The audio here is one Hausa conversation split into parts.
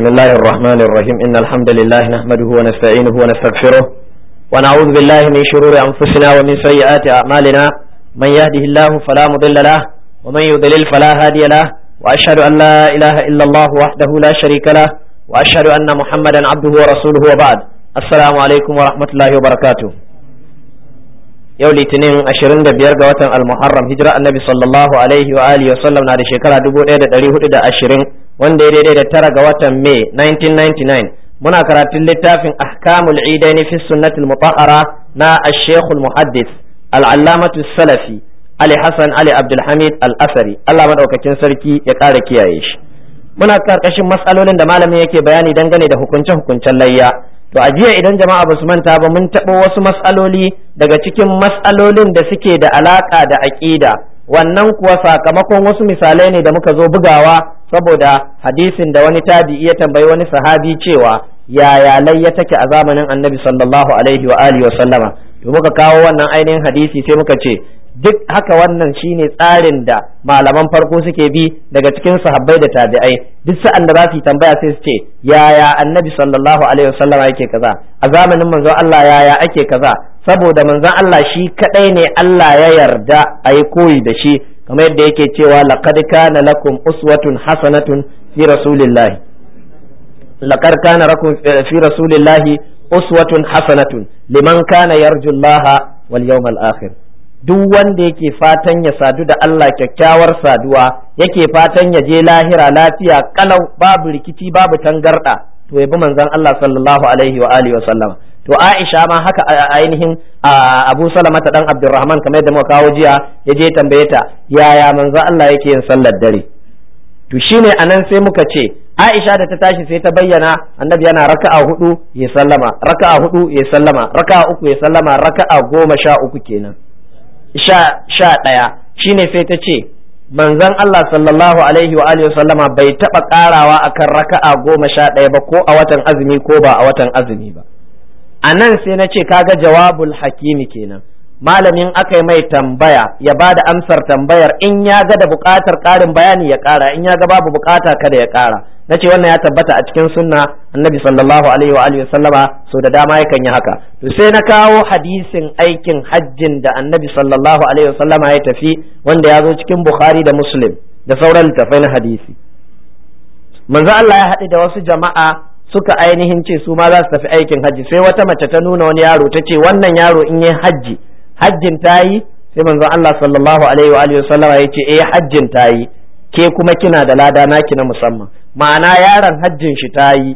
بسم الله الرحمن الرحيم إن الحمد لله نحمده ونستعينه ونستغفره ونعوذ بالله من شرور أنفسنا ومن سيئات أعمالنا من يهده الله فلا مضل له ومن يضلل فلا هادي له وأشهد أن لا إله إلا الله وحده لا شريك له وأشهد أن محمدا عبده ورسوله وبعد السلام عليكم ورحمة الله وبركاته yau litinin 25 ga watan almuharram hijira annabi sallallahu alaihi wa alihi wa sallam na da shekara 1420 wanda ya daidai da tara ga watan may 1999 muna karatun littafin Ahkamul Idaini fi Sunnatul Mutahhara na Ash-Sheikh muhaddis Al-Allamatu Salafi Ali Hassan Ali abdulhamid Al-Asari Allah madaukakin sarki ya ƙara kiyaye shi muna karkashin matsalolin da malamin yake bayani dangane da hukunce-hukuncen layya to a jiya idan jama'a ba su manta ba mun taɓo wasu matsaloli daga cikin matsalolin da suke da alaƙa da aƙida wannan kuwa sakamakon wasu misalai ne da muka zo bugawa saboda hadisin da wani tabi'i ya tambayi wani sahabi cewa yaya layya take a zamanin annabi sallallahu alaihi wa alihi wa sallama to muka kawo wannan ainihin hadisi sai muka ce duk haka wannan shine tsarin da malaman farko suke bi daga cikin sahabbai da tabi'ai duk sa'an da za su tambaya sai su ce yaya annabi sallallahu alaihi wa sallama yake kaza a zamanin manzon Allah yaya ake kaza saboda manzan Allah shi kadai ne Allah ya yarda a yi koyi da shi kamar yadda yake cewa laqad kana lakum uswatun hasanatun fi rasulillahi laqad kana lakum eh, fi rasulillahi uswatun hasanatun liman kana yarjullaha wal yawmal akhir duk wanda yake fatan ya sadu da Allah kyakkyawar saduwa yake fatan ya je lahira lafiya kalau babu rikici babu tangarda to yabi manzan Allah sallallahu alaihi wa alihi wa sallama to Aisha ma haka a ainihin Abu Salama ta dan Abdurrahman kamar yadda muka kawo jiya ya je tambaye ta yaya manzo Allah yake yin sallar dare to shine anan sai muka ce Aisha da ta tashi sai ta bayyana annabi yana raka'a hudu ya sallama raka'a hudu ya sallama raka'a uku ya sallama raka'a goma sha uku kenan sha sha daya shine sai ta ce manzon Allah sallallahu alaihi wa alihi sallama bai taba karawa akan raka'a goma sha ɗaya ba ko a watan azumi ko ba a watan azumi ba a nan sai na ce kaga jawabul hakimi kenan malamin aka yi mai tambaya ya ba da amsar tambayar in ya ga da buƙatar ƙarin bayani ya ƙara in ya ga babu buƙata kada ya ƙara na ce wannan ya tabbata a cikin sunna annabi sallallahu alaihi wa alihi sallama so da dama yakan yi haka to sai na kawo hadisin aikin hajjin da annabi sallallahu alaihi wa sallama ya tafi wanda ya zo cikin bukhari da muslim da sauran littafai na hadisi manzo Allah ya haɗu da wasu jama'a suka ainihin ce su ma za su tafi aikin hajji sai wata mace ta nuna wani yaro ta ce wannan yaro in yi hajji hajjin ta yi sai manzon Allah sallallahu alaihi wa alihi sallama ya ce eh hajjin ta yi ke kuma kina da lada naki na musamman ma'ana yaron hajjin shi ta yi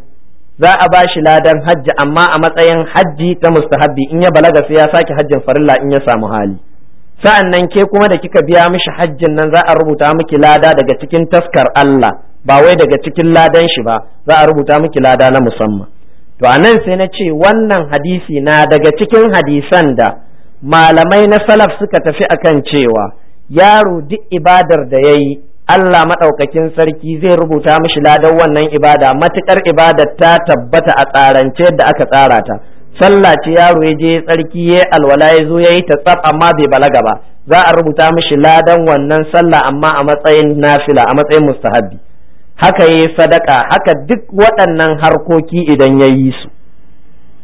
za a ba shi ladan hajji amma a matsayin hajji ta mustahabbi in ya balaga sai ya sake hajjin farilla in ya samu hali Sa'annan ke kuma da kika biya mishi hajjin nan za a rubuta miki lada daga cikin taskar Allah ba wai daga cikin ladan shi ba za a rubuta miki lada na musamman to a nan sai na ce wannan hadisi na daga cikin hadisan da malamai na salaf suka tafi akan cewa yaro duk ibadar da ya yi Allah maɗaukakin sarki zai rubuta mishi ladan wannan ibada matuƙar ibadar ta tabbata a tsarance da aka tsara ta sallah ce yaro ya je tsarki ya alwala ya zo ya yi ta tsaf amma bai balaga ba za a rubuta mishi ladan wannan sallah amma a matsayin nafila a matsayin mustahabbi haka yi sadaka haka duk waɗannan harkoki idan ya yi su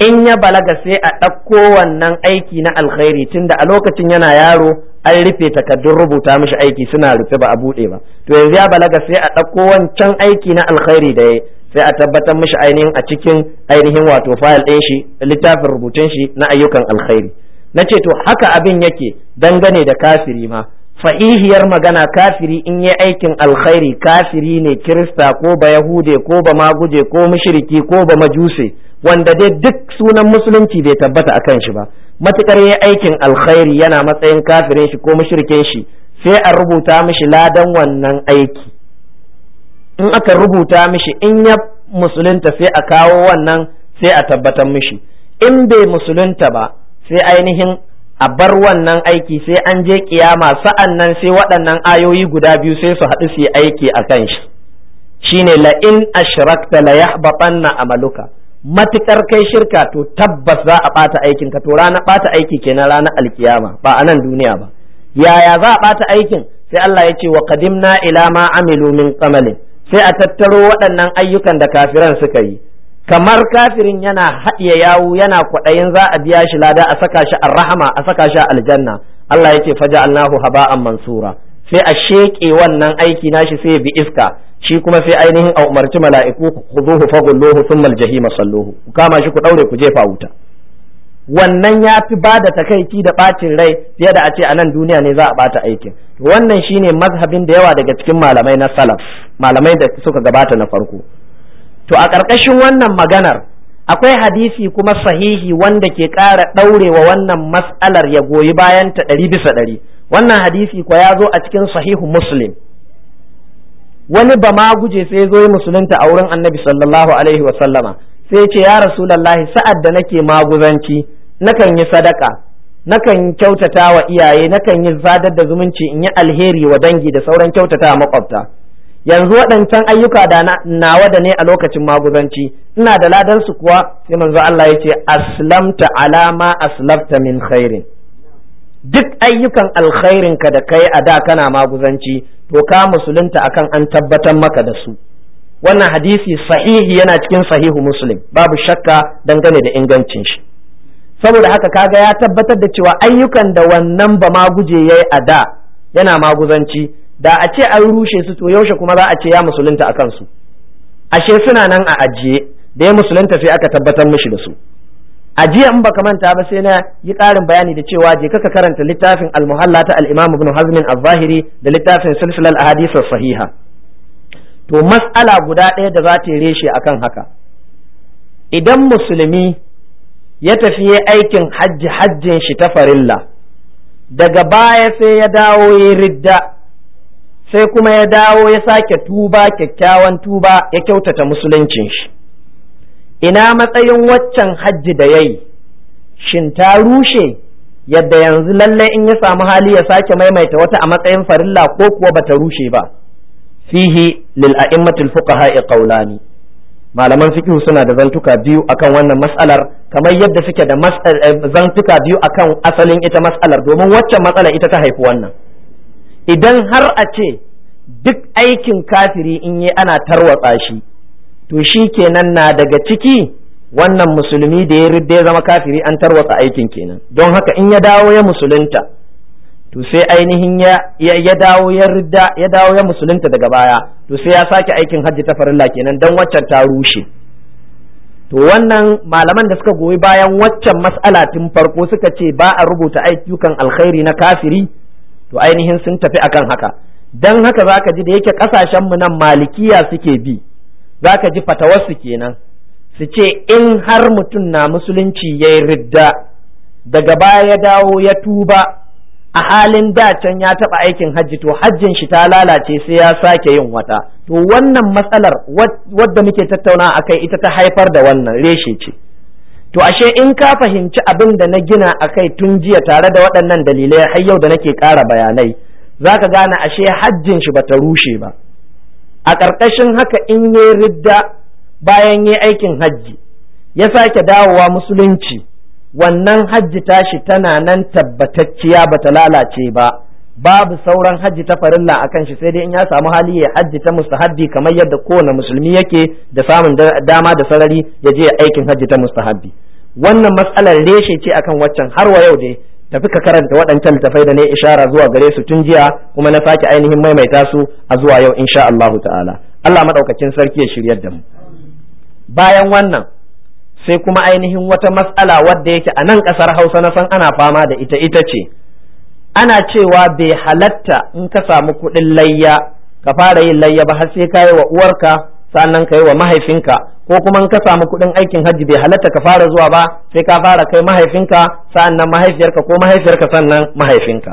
in ya balaga sai a ɗauko wannan aiki na alkhairi tunda a lokacin yana yaro an rufe takardun rubuta mishi aiki suna rufe ba a buɗe ba to yanzu ya balaga sai a ɗauko wancan aiki na alkhairi da ya sai a tabbatar mishi ainihin a cikin ainihin wato fayil ɗin shi littafin rubutun shi na ayyukan alkhairi na ce to haka abin yake dangane da kafiri ma fa'ihiyar magana kafiri in yi aikin alkhairi kafiri ne kirista ko ba yahude ko ba maguje ko mushriki ko ba majuse wanda dai duk sunan musulunci bai tabbata akan shi ba matukar yi aikin alkhairi yana matsayin kafirin shi ko mushrikin shi sai a rubuta mishi ladan wannan aiki in aka rubuta mishi in ya musulunta sai a kawo wannan sai a tabbatar mishi in bai musulunta ba sai ainihin a bar wannan aiki sai an je kiyama sa'an nan sai waɗannan ayoyi guda biyu sai su haɗu su yi aiki a kan shi shine la in ashrakta la yahbatanna amaluka matukar kai shirka to tabbas za a ɓata aikin ka to rana ɓata aiki kenan ranar alkiyama ba a nan duniya ba yaya za a ɓata aikin sai Allah ya ce wa qadimna ila ma amilu min qamalin sai a tattaro waɗannan ayyukan da kafiran suka yi kamar kafirin yana haɗiye yawo yana kwaɗayin za a biya shi lada a saka shi arrahama a saka shi aljanna Allah yake faja Allahu haba'an mansura sai a sheƙe wannan aiki nashi sai bi iska shi kuma sai ainihin a umarci mala'iku khuduhu fagulluhu thumma aljahima salluhu ku kama shi ku daure ku jefa wuta wannan ya fi ba da takaici da ɓacin rai fiye da a ce a nan duniya ne za a ɓata aikin wannan shine mazhabin da yawa daga cikin malamai na salaf malamai da suka gabata na farko to a ƙarƙashin wannan maganar akwai hadisi kuma sahihi wanda ke ƙara ɗaurewa wannan mas'alar ya goyi bayan ta ɗari bisa ɗari wannan hadisi kwa ya zo a cikin sahihu muslim wani ba ma guje sai zo musulunta a wurin annabi sallallahu alaihi wa sallama sai ce ya rasulallahi sa'ad da nake maguzanci nakan yi sadaka nakan kyautata wa iyaye nakan yi zadar da zumunci in yi alheri wa dangi da sauran kyautata maƙwabta. yanzu waɗancan ayyuka da nawa da ne a lokacin maguzanci ina da ladan kuwa sai manzo Allah ya ce aslamta alama aslafta min khairin duk ayyukan alkhairin ka da kai a da kana maguzanci to ka musulunta akan an tabbatar maka da su wannan hadisi sahihi yana cikin sahihu muslim babu shakka dangane da ingancin shi saboda haka kaga ya tabbatar da cewa ayyukan da wannan ba maguje yayi a da yana maguzanci da a ce an rushe su to yaushe kuma za a ce ya musulunta a kansu ashe suna nan a ajiye da ya musulunta sai aka tabbatar mishi da su ajiye in baka manta ba sai na yi karin bayani da cewa je kaka karanta littafin al-muhalla ta al-imam ibn hazm al-zahiri da littafin silsilar ahadith sahiha to mas'ala guda ɗaya da za ta reshe akan haka idan musulmi ya tafi aikin hajji hajjin shi ta farilla daga baya sai ya dawo ya ridda sai kuma ya dawo ya sake tuba kyakkyawan tuba ya kyautata musuluncin shi ina matsayin waccan hajji da ya shin ta rushe yadda yanzu lalle in ya samu hali ya sake maimaita wata a matsayin farilla ko kuwa bata rushe ba fihi lil a'immatul fuqaha qawlani malaman fiqh suna da zantuka biyu akan wannan mas'alar kamar yadda suke da eh, zantuka biyu akan asalin ita mas'alar domin waccan matsala ita ta haifi wannan idan har a ce duk aikin kafiri in yi ana tarwatsa shi to shi kenan na daga ciki wannan musulmi da ya ridda ya zama kafiri an tarwatsa aikin kenan don haka in ya dawo ya musulunta to sai ainihin ya dawo ya ridda ya dawo ya musulunta daga baya to sai ya sake aikin hajji ta farilla kenan don waccan ta rushe to wannan malaman da suka goyi bayan waccan mas'ala tun farko suka ce ba a rubuta ayyukan alkhairi na kafiri to ainihin sun tafi akan haka dan haka zaka ji da yake kasashen mu nan malikiya suke bi zaka ji fatawarsu kenan su ce in har mutum na musulunci yayi ridda daga baya ya dawo ya tuba a halin da can ya taɓa aikin hajji to hajjin shi ta lalace sai ya sake yin wata to wannan matsalar wadda muke tattauna akai ita ta haifar da wannan reshe ce to ashe in ka fahimci abin da na gina a kai tun jiya tare da waɗannan dalilai har yau da nake ƙara bayanai za ka gane ashe hajjin shi bata rushe ba a ƙarƙashin haka in yi ridda bayan yi aikin hajji ya sake dawowa musulunci wannan hajji tashi tana nan tabbatacciya bata lalace ba babu sauran hajji ta farilla kan shi sai dai in ya samu hali ya hajji ta mustahabbi kamar yadda kowane musulmi yake da samun dama da sarari ya je aikin hajji ta mustahabbi wannan matsalar reshe ce akan waccan har wa yau dai tafi ka karanta waɗancan littafai da ne ishara zuwa gare su tun jiya kuma na sake ainihin maimaita su a zuwa yau insha Allahu ta'ala Allah maɗaukacin sarki ya shiryar da mu bayan wannan sai kuma ainihin wata matsala wadda yake a nan ƙasar Hausa na san ana fama da ita ita ce ana cewa bai halatta in ka samu kuɗin layya ka fara yin layya ba har sai ka yi wa uwarka sannan ka yi wa mahaifinka ko kuma in ka samu kuɗin aikin hajji bai halatta ka fara zuwa ba sai ka fara kai mahaifinka sannan mahaifiyarka ko mahaifiyarka sannan mahaifinka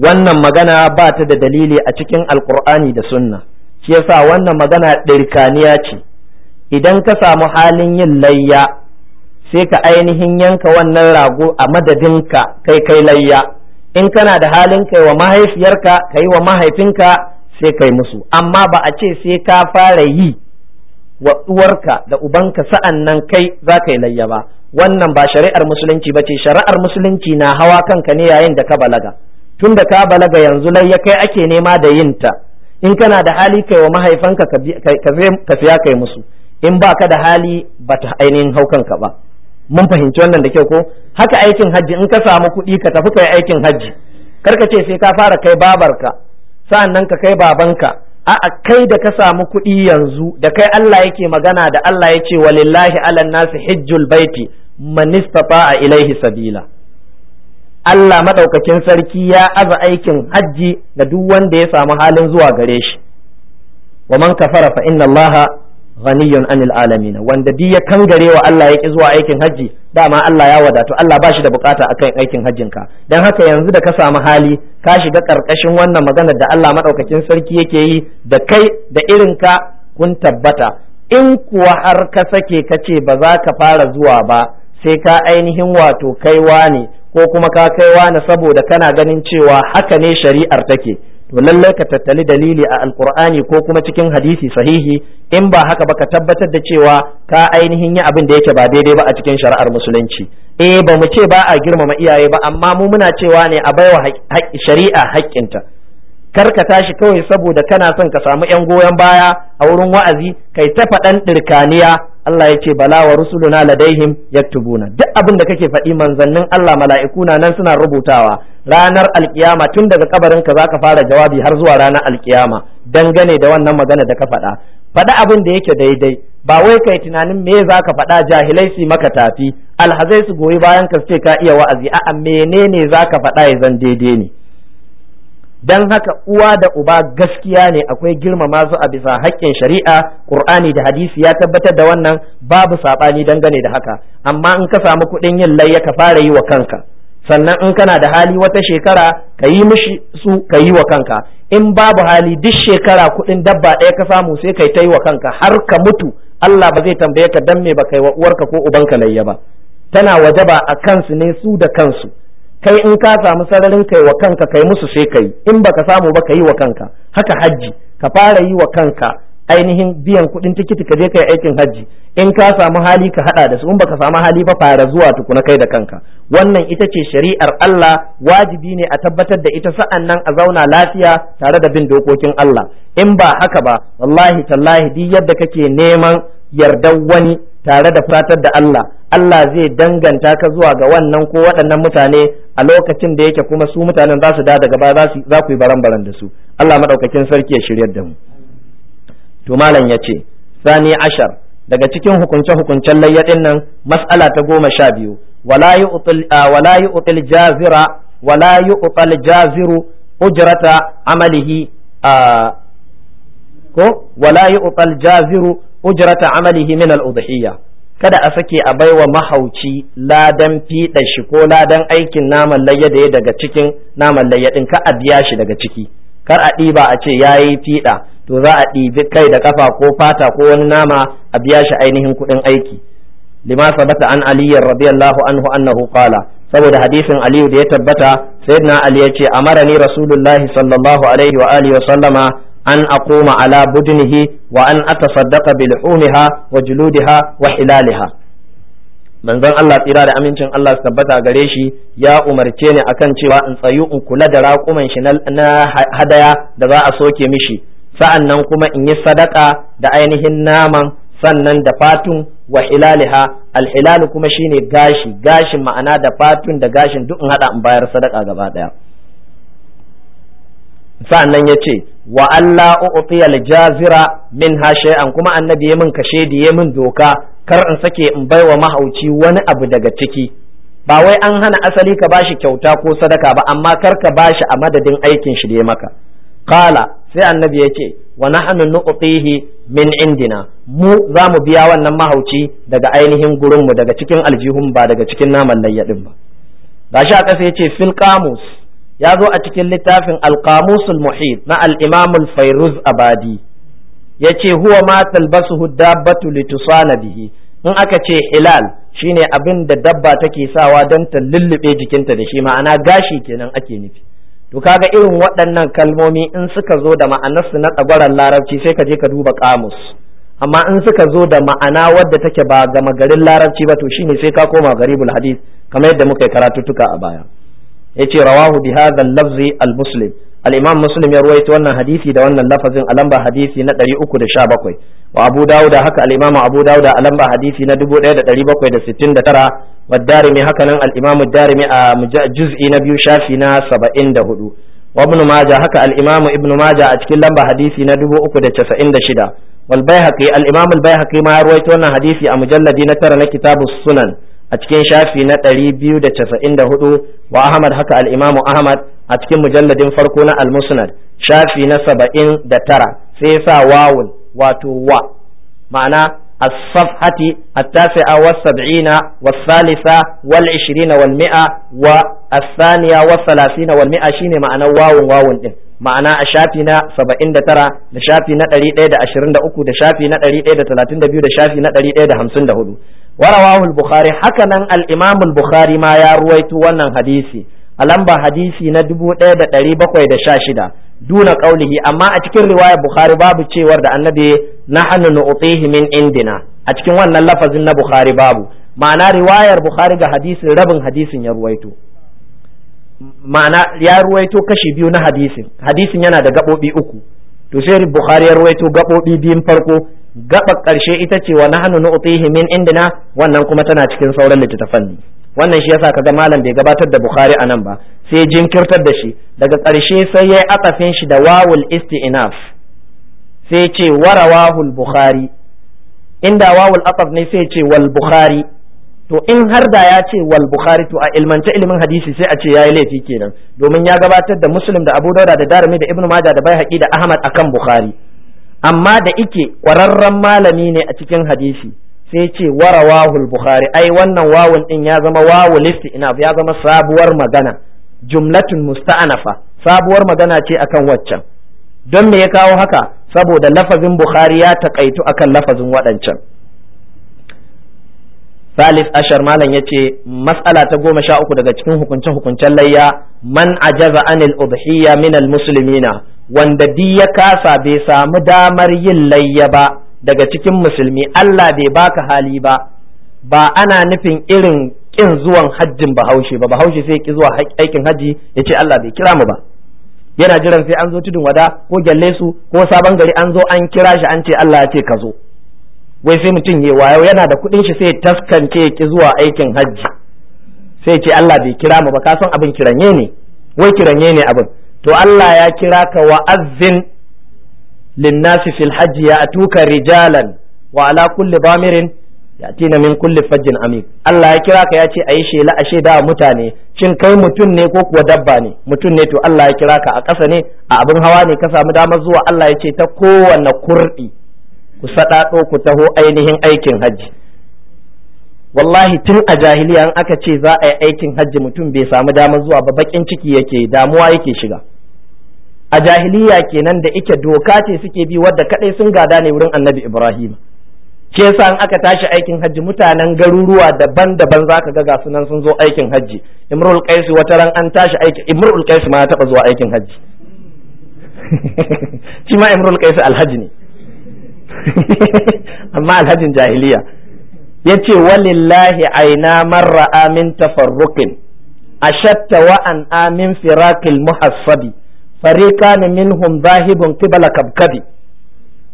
wannan magana ba ta da dalili a cikin alkur'ani da sunna shi yasa wannan magana ɗirkaniya ce idan ka samu halin yin layya sai ka ainihin yanka wannan rago a madadinka kai kai layya in kana da halin kai wa mahaifiyarka ka yi wa mahaifinka sai kai musu amma ba a ce sai ka fara yi wa uwarka da ubanka sa'an nan kai za ka yi layya ba wannan ba shari'ar musulunci ba ce shari'ar musulunci na hawa kanka ne yayin da ka balaga tun da ka balaga yanzu layya kai ake nema da yin ta in kana da hali kai wa mahaifanka ka siya kai musu in ba ka da hali ba ta ainihin hau kanka ba mun fahimci wannan da kyau ko haka aikin hajji in ka samu kuɗi ka tafi kai aikin hajji kar ka ce sai ka fara kai babarka sa'an nan ka kai babanka a'a kai da ka samu kuɗi yanzu da kai Allah yake magana da Allah ya ce walillahi ala nasi hijjul baiti man a ilaihi sabila Allah madaukakin sarki ya aza aikin hajji da duk wanda ya samu halin zuwa gare shi wa man kafara fa inna Allah ghaniyun anil alamin wanda duk ya kangare wa Allah yake zuwa aikin haji dama Allah ya wadatu Allah ba shi da bukata akan aikin hajjin ka dan haka yanzu da ka samu hali ka shiga karkashin wannan maganar da Allah madaukakin sarki yake yi da kai da irin ka kun tabbata in kuwa har ka sake ka ce ba za ka fara zuwa ba sai ka ainihin wato kaiwa ne ko kuma ka kaiwa ne saboda kana ganin cewa haka ne shari'ar take to lallai ka tattali dalili a alkur'ani ko kuma cikin hadisi sahihi in ba haka ba ka tabbatar da cewa ka ainihin yi abin da yake ba daidai ba a cikin shari'ar musulunci eh ba mu ce ba a girmama iyaye ba amma mu muna cewa ne a baiwa shari'a haƙƙinta kar ka tashi kawai saboda kana son ka samu yan goyon baya a wurin wa'azi kai ta faɗan ɗirkaniya Allah ya ce bala wa rusuluna ladaihim yaktubuna duk abin da kake faɗi manzannin Allah mala'iku na nan suna rubutawa ranar alkiyama tun daga kabarin ka zaka fara jawabi har zuwa ranar alkiyama dangane da wannan magana da ka faɗa faɗa abin da yake daidai ba wai kai tunanin me zaka faɗa jahilai su maka tafi alhazai su goyi bayan ka ce ka iya wa'azi a'a menene zaka faɗa ya zan daidai ne don haka uwa da uba gaskiya ne akwai girmama su a bisa haƙƙin shari'a Ƙur'ani, da hadisi ya tabbatar da wannan babu saɓani dangane da haka amma in ka samu kuɗin yin layya ka fara yi wa kanka sannan in kana da hali wata shekara ka yi mishi su ka yi wa kanka in babu hali duk shekara kuɗin dabba ɗaya ka samu sai kai ta yi wa kanka har ka mutu Allah ba zai tambaye ka dan me ba kai wa uwarka ko ubanka layya ba tana wajaba a kansu ne su da kansu kai in ka samu sararin kai wa kanka kai musu sai kai in baka samu ba ka wa kanka haka hajji ka fara yi wa kanka ainihin biyan kuɗin tikiti ka je kai aikin hajji in ka samu hali ka hada da su in baka samu hali ba fara zuwa tukuna kai da kanka wannan ita ce shari'ar Allah wajibi ne a tabbatar da ita sa'an nan a zauna lafiya tare da bin dokokin Allah in ba haka ba wallahi tallahi di yadda kake neman yardar wani tare da fatar da Allah Allah zai danganta ka zuwa ga wannan ko waɗannan mutane a lokacin da yake kuma su mutanen za su da daga baya za ku yi baran-baran da su Allah maɗaukakin sarki ya shirya da mu to malam ya ce sani ashar daga cikin hukunce-hukuncen layyadin nan mas'ala ta goma sha biyu wala yu'til jazira wala jaziru ujrata amalihi ko wala jaziru ujrata amalihi min al kada a sake a baiwa mahauci ladan fiɗa shi ko ladan aikin naman layya da ya daga cikin naman layya ɗin ka a biya shi daga ciki kar a ɗiba a ce ya yi fiɗa to za a ɗibi kai da kafa ko fata ko wani nama a biya shi ainihin kuɗin aiki lima sabata an aliyar radiyallahu anhu annahu qala saboda hadisin aliyu da ya tabbata sayyidina ali ya ce ni rasulullahi sallallahu alaihi wa alihi wa sallama an aquma ala budnihi wa an atasaddaqa bi luhumiha wa juludiha wa hilaliha manzon Allah tsira da amincin Allah su tabbata gare shi ya umarce ni akan cewa in tsayu in kula da raƙuman shi na hadaya da za a soke mishi sa'annan kuma in yi sadaka da ainihin naman sannan da fatun wa hilaliha alhilalu kuma shine gashi gashin ma'ana da fatun da gashin duk in hada in bayar sadaka gaba daya sa'annan ya ce wa Allah u'tiya jazira min ha shay'an kuma annabi ya min kashe da ya min doka kar in sake in baiwa mahauci wani abu daga ciki ba wai an hana asali ka bashi kyauta ko sadaka ba amma kar ka ba shi a madadin aikin shi da ya maka qala sai annabi ya ce wa nahnu nu'tihi min indina mu za mu biya wannan mahauci daga ainihin gurinmu daga cikin aljihun ba daga cikin naman layyadin ba gashi a ƙasa ya ce fil qamus ya zo a cikin littafin alqamusul muhit na al-imam al-fayruz abadi yace huwa ma talbasu dabbatu litusana bihi in aka ce hilal shine abin da dabba take sawa don ta lullube jikinta da shi ma'ana gashi kenan ake nufi to kaga irin waɗannan kalmomi in suka zo da ma'anarsu na tsagwaron larabci sai ka je ka duba kamus amma in suka zo da ma'ana wadda take ba gama garin larabci ba to shine sai ka koma garibul hadith kamar yadda muka yi karatuttuka a baya yace rawahu bi hadha al-lafzi al-muslim al-imam muslim ya ruwaito wannan hadisi da wannan lafazin a lamba hadisi na 317 wa abu dawud haka al-imam abu dawud a lamba hadisi na 1769 wa darimi haka nan al-imam darimi a juz'i na biyu shafi na 74 wa ibn majah haka al-imam ibn a cikin lamba hadisi na 396 da bayhaqi al-imam al-bayhaqi ma ya ruwaito wannan hadisi a na tara na kitabu sunan a cikin shafi na 294 wa Ahmad haka al-Imam Ahmad a cikin mujalladin farko na al-Musnad shafi na 79 sai sa wawun wato wa ma'ana الصفحة التاسعة والسبعين والثالثة والعشرين والمئة والثانية والثلاثين والمئة شين معنى واو واو ma'ana a shafi na saba'in da tara da shafi na ɗari ɗaya da ashirin da uku da shafi na ɗari ɗaya da talatin da biyu da shafi na ɗari ɗaya da hamsin da hudu ورواه البخاري حكنا الإمام البخاري ما يروي ونن حديثي ألمبا حديثي ندبو إيدا تريبا قويدا شاشدا دون قوله أما أتكر رواية بخاري باب تشيور النبي نحن نعطيه من عندنا أتكر وانا اللفظ بخاري بابو معنى رواية bukhari ga hadisin rabin hadisin ya ruwaito ma'ana ya ruwaito kashi biyu حديث hadisin hadisin yana بي gaɓoɓi uku to sai bukhari ya ruwaito gaɓoɓi biyun farko gabar karshe ita ce wa nahnu nu'tihi min indina wannan kuma tana cikin sauran littattafanni ne wannan shi yasa kaga malam bai gabatar da bukhari anan ba sai jinkirtar da shi daga karshe sai yayi akafin shi da wawul isti'naf sai ce warawahul bukhari inda wawul aqaf ne sai ce wal bukhari to in har da ya ce wal bukhari to a ilmance ilimin hadisi sai a ce yayi laifi kenan domin ya gabatar da muslim da abu dauda da darimi da ibnu majah da baihaqi da ahmad akan bukhari amma da ike ƙwararren malami ne a cikin hadisi sai ce warawahul bukhari ai wannan wawun din ya zama wawu ina ya zama sabuwar magana jumlatun musta'anafa sabuwar magana ce akan waccan don me ya kawo haka saboda lafazin bukhari ya takaitu akan lafazin waɗancan Salis Ashar Malam ya ce, Matsala ta goma sha uku daga cikin hukunce-hukuncen layya, man ajaza anil udhiyya minal musulmina wanda di ya kasa bai samu damar yin layya ba daga cikin musulmi Allah bai baka hali ba ba ana nufin irin kin zuwan hajjin bahaushe ba bahaushe sai ki zuwa aikin hajji ya ce Allah bai kira mu ba yana jiran sai an zo tudun wada ko gyalle su ko sabon gari an zo an kira shi an ce Allah ya ce ka zo wai sai mutum ya wayo yana da kuɗin shi sai taskance ki zuwa aikin hajji sai ce Allah bai kira mu ba ka san abin kiranye ne wai kiranye ne abin to Allah ya kira ka wa'azzin linnasi fil hajji ya atuka rijalan wa ala kulli bamirin tina min kulli fajjin amik Allah ya kira ka ya ce ayi shela a da mutane shin kai mutum ne ko kuwa dabba ne mutum ne to Allah ya kira ka a ƙasa ne a abin hawa ne ka samu damar zuwa Allah ya ce ta kowane kurɗi ku saɗaɗo ku taho ainihin aikin hajji wallahi tun a jahiliya in aka ce za a yi aikin hajji mutum bai samu damar zuwa ba bakin ciki yake damuwa yake shiga a jahiliya kenan da ike doka ce suke bi wadda kadai sun gada ne wurin annabi ibrahim ke san in aka tashi aikin hajji mutanen garuruwa daban-daban za ka ga gasu nan sun zo aikin hajji imrul qaisi wata ran an tashi aikin imrul qaisi ma ya taba zuwa aikin hajji shi ma imrul qaisi alhaji ne amma alhajin jahiliya yace walillahi aina marra amin tafarruqin ashatta wa an amin firakil muhassabi fariqan minhum zahibun qibla kabkabi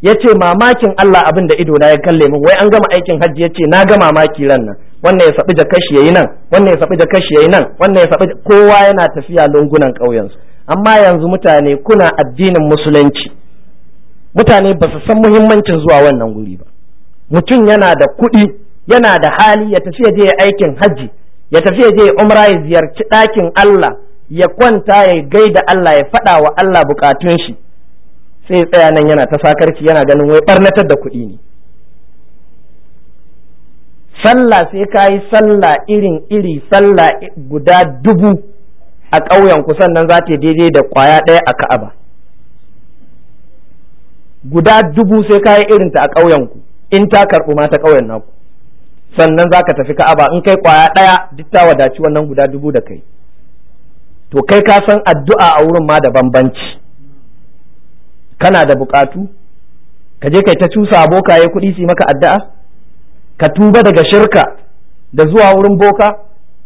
yace mamakin Allah abin da ido na ya kalle min wai an gama aikin hajji yace na ga mamaki ran nan wannan ya sabi da kashi yayi nan wannan ya sabi da kashi yayi nan wannan ya sabi kowa yana tafiya lungunan ƙauyen su amma yanzu mutane kuna addinin musulunci mutane ba su san muhimmancin zuwa wannan guri ba mutum yana da kuɗi yana da hali ya tafi je aikin hajji ya tafi je umra ya ziyarci ɗakin Allah ya kwanta ya gaida Allah ya faɗa wa Allah bukatun shi sai tsaya nan yana ta sakarci yana ganin wai barnatar da kuɗi ne sallah sai ka yi sallah irin iri sallah guda dubu a ƙauyen ku sannan za ta daidai da ƙwaya ɗaya a ka'aba guda dubu sai ka yi ta a ƙauyen ku in ta karɓu ma ta ƙauyen naku sannan za ka tafi ka'aba in kai ƙwaya ɗaya duk ta wadaci wannan guda dubu da kai to kai ka san addu'a a wurin ma da bambanci kana da bukatu ka je kai ta cusa bokaye kuɗi su maka addu'a ka tuba daga shirka da zuwa wurin boka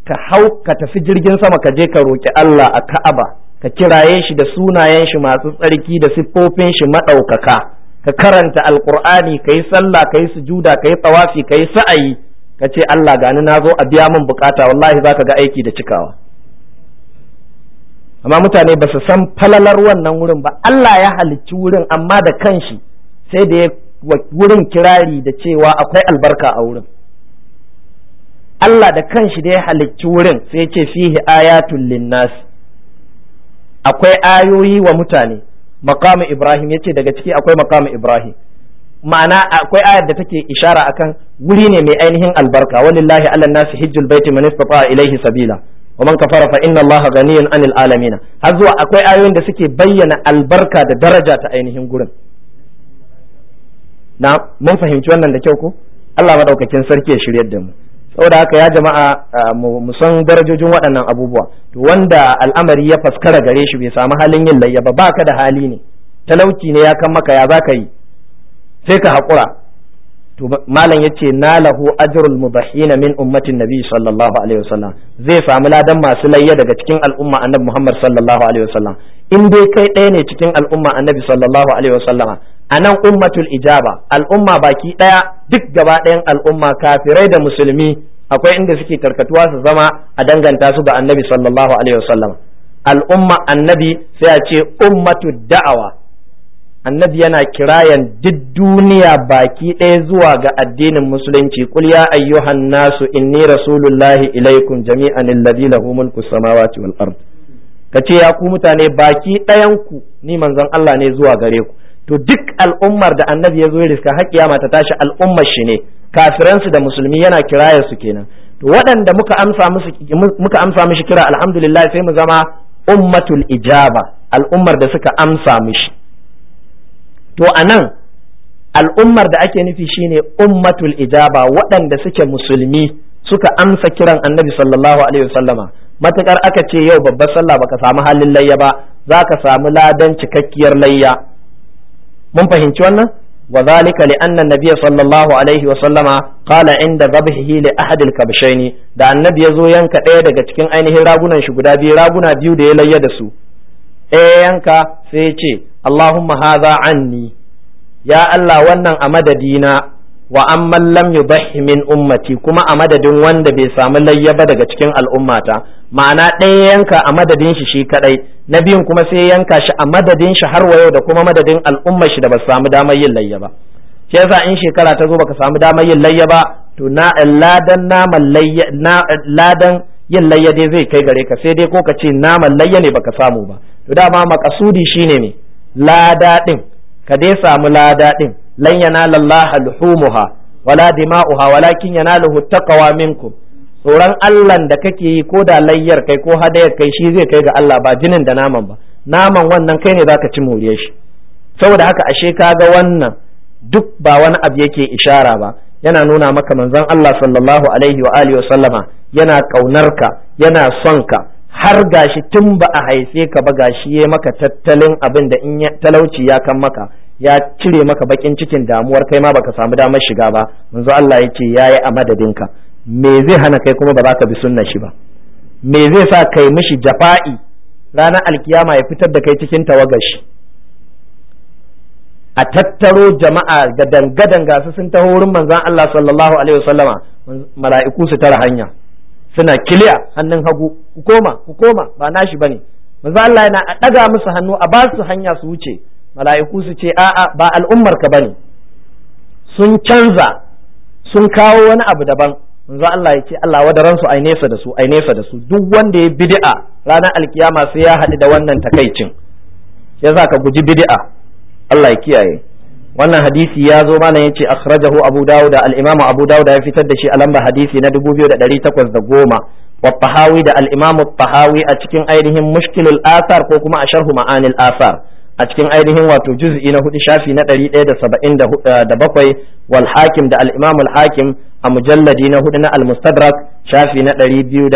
ka hau ka tafi jirgin sama ka je ka roƙi Allah a Ka'aba ka kiraye shi da sunayen shi masu tsarki da siffofin shi maɗaukaka ka karanta alƙur'ani ka yi sallah ka yi sujuda ka yi tsawafi ka yi sa'ayi ka ce Allah gani na zo a biya min bukata wallahi za ga aiki da cikawa amma mutane ba su san falalar wannan wurin ba Allah ya halicci wurin amma da kanshi sai da ya wurin kirari da cewa akwai albarka a wurin Allah da kanshi da ya halicci wurin sai ce fihi ayatul linnas akwai ayoyi wa mutane maqamu Ibrahim yace daga ciki akwai maqamu Ibrahim ma'ana akwai ayar da take ishara akan wuri ne mai ainihin albarka walillahi alannasi hijjul baiti man ilaihi sabila wa man kafara fa inna Allah ganiyun anil alamin har zuwa akwai ayoyin da suke bayyana albarka da daraja ta ainihin gurin na mun fahimci wannan da kyau ko Allah madaukakin sarki ya shiryar da mu saboda haka ya jama'a mu san darajojin waɗannan abubuwa to wanda al'amari ya faskara gare shi bai samu halin yin layya ba baka da hali ne talauci ne ya kan maka ya zaka yi sai ka haƙura to malam na nalahu ajrul mubahina min ummatin nabi sallallahu alaihi wasallam zai samu ladan masu layya daga cikin al'umma annabi Muhammad sallallahu alaihi wasallam in dai kai ɗaya ne cikin al'umma annabi sallallahu alaihi wasallama nan ummatul ijaba al'umma baki ɗaya duk gaba ɗayan al'umma kafirai da musulmi akwai inda suke karkatuwa su zama a danganta su ga annabi sallallahu alaihi wasallama al'umma annabi sai a ce ummatu da'awa annabi yana kirayan duk duniya baki ɗaya zuwa ga addinin musulunci qul ya ayyuhan nasu inni rasulullahi ilaikum jami'an alladhi lahu mulku samawati wal ard kace ya ku mutane baki ɗayan ku ni manzon Allah ne zuwa gare ku to duk al'ummar da annabi ya zo riska har kiyama ta tashi al'ummar shi ne kafiransu da musulmi yana kirayar su kenan to waɗanda muka amsa musu muka amsa mishi kira alhamdulillah sai mu zama ummatul ijaba al'ummar da suka amsa mishi to anan al'ummar da ake nufi shine ummatul ijaba waɗanda suke musulmi suka amsa kiran annabi sallallahu alaihi wasallama matukar aka ce yau babbar sallah baka samu halin layya ba za ka samu ladan cikakkiyar layya mun fahimci wannan wa zalika li anna nabiyya sallallahu alaihi wa sallama qala inda dhabhihi li ahad al kabshaini da annabi yazo yanka ɗaya daga cikin ainihin ragunan shi guda biyu raguna biyu da ya layya da su ɗaya yanka sai ya ce Allahumma haza anni ya Allah wannan a madadina wa amman lam yubahhi min ummati kuma a madadin wanda bai samu layya ba daga cikin al'ummata ma'ana ɗaya yanka a madadin shi shi kadai na biyun kuma sai yanka shi a madadin shi har wayo da kuma madadin al'ummar shi da ba samu damar yin layya ba shi yasa in shekara ta zo ba ka samu damar yin layya ba to na ladan naman layya na ladan yin layya dai zai kai gare ka sai dai ko ka ce naman layya ne baka samu ba to dama makasudi shine ne lada din ka dai samu lada din lan luhumuha wala dima'uha walakin yanaluhu taqwa minkum tsoron Allah da kake yi ko da layyar kai ko hadayar kai shi zai kai ga Allah ba jinin da naman ba naman wannan kai ne zaka ci moriyar shi saboda haka ashe ka ga wannan duk ba wani abu yake ishara ba yana nuna maka manzon Allah sallallahu alaihi wa alihi wa sallama yana kaunarka yana son ka har gashi tun ba a haife ka ba gashi ya maka tattalin abin da in talauci ya kan maka ya cire maka bakin cikin damuwar kai ma baka samu damar shiga ba manzo Allah ya ce yayi a madadinka me zai hana kai kuma ba za ka bi sunna shi ba me zai sa kai mishi jafa'i ranar alkiyama ya fitar da kai cikin tawagar shi a tattaro jama'a ga dangadan gasu sun taho wurin manzon Allah sallallahu alaihi wasallama mala'iku su tara hanya suna kiliya hannun hagu ku koma ku koma ba nashi bane manzo Allah yana a daga musu hannu a ba su hanya su wuce mala'iku su ce a'a ba al'ummar ka bane sun canza sun kawo wani abu daban manzo Allah ya ce Allah wa su ai nesa da su ai nesa da su duk wanda ya bid'a ranar alkiyama sai ya haɗu da wannan takaicin yasa ka guji bid'a Allah ya kiyaye wannan hadisi ya zo mana yace akhrajahu abu dawud al-imamu abu dawud ya fitar da shi a lamba hadisi na 2810 wa tahawi da al-imamu tahawi a cikin ainihin mushkilul athar ko kuma a sharhu ma'anil athar a cikin ainihin wato juz'i na hudu shafi na 177 wal hakim da al-imamu al-hakim a mujalladi na hudu na al-mustadrak shafi na 229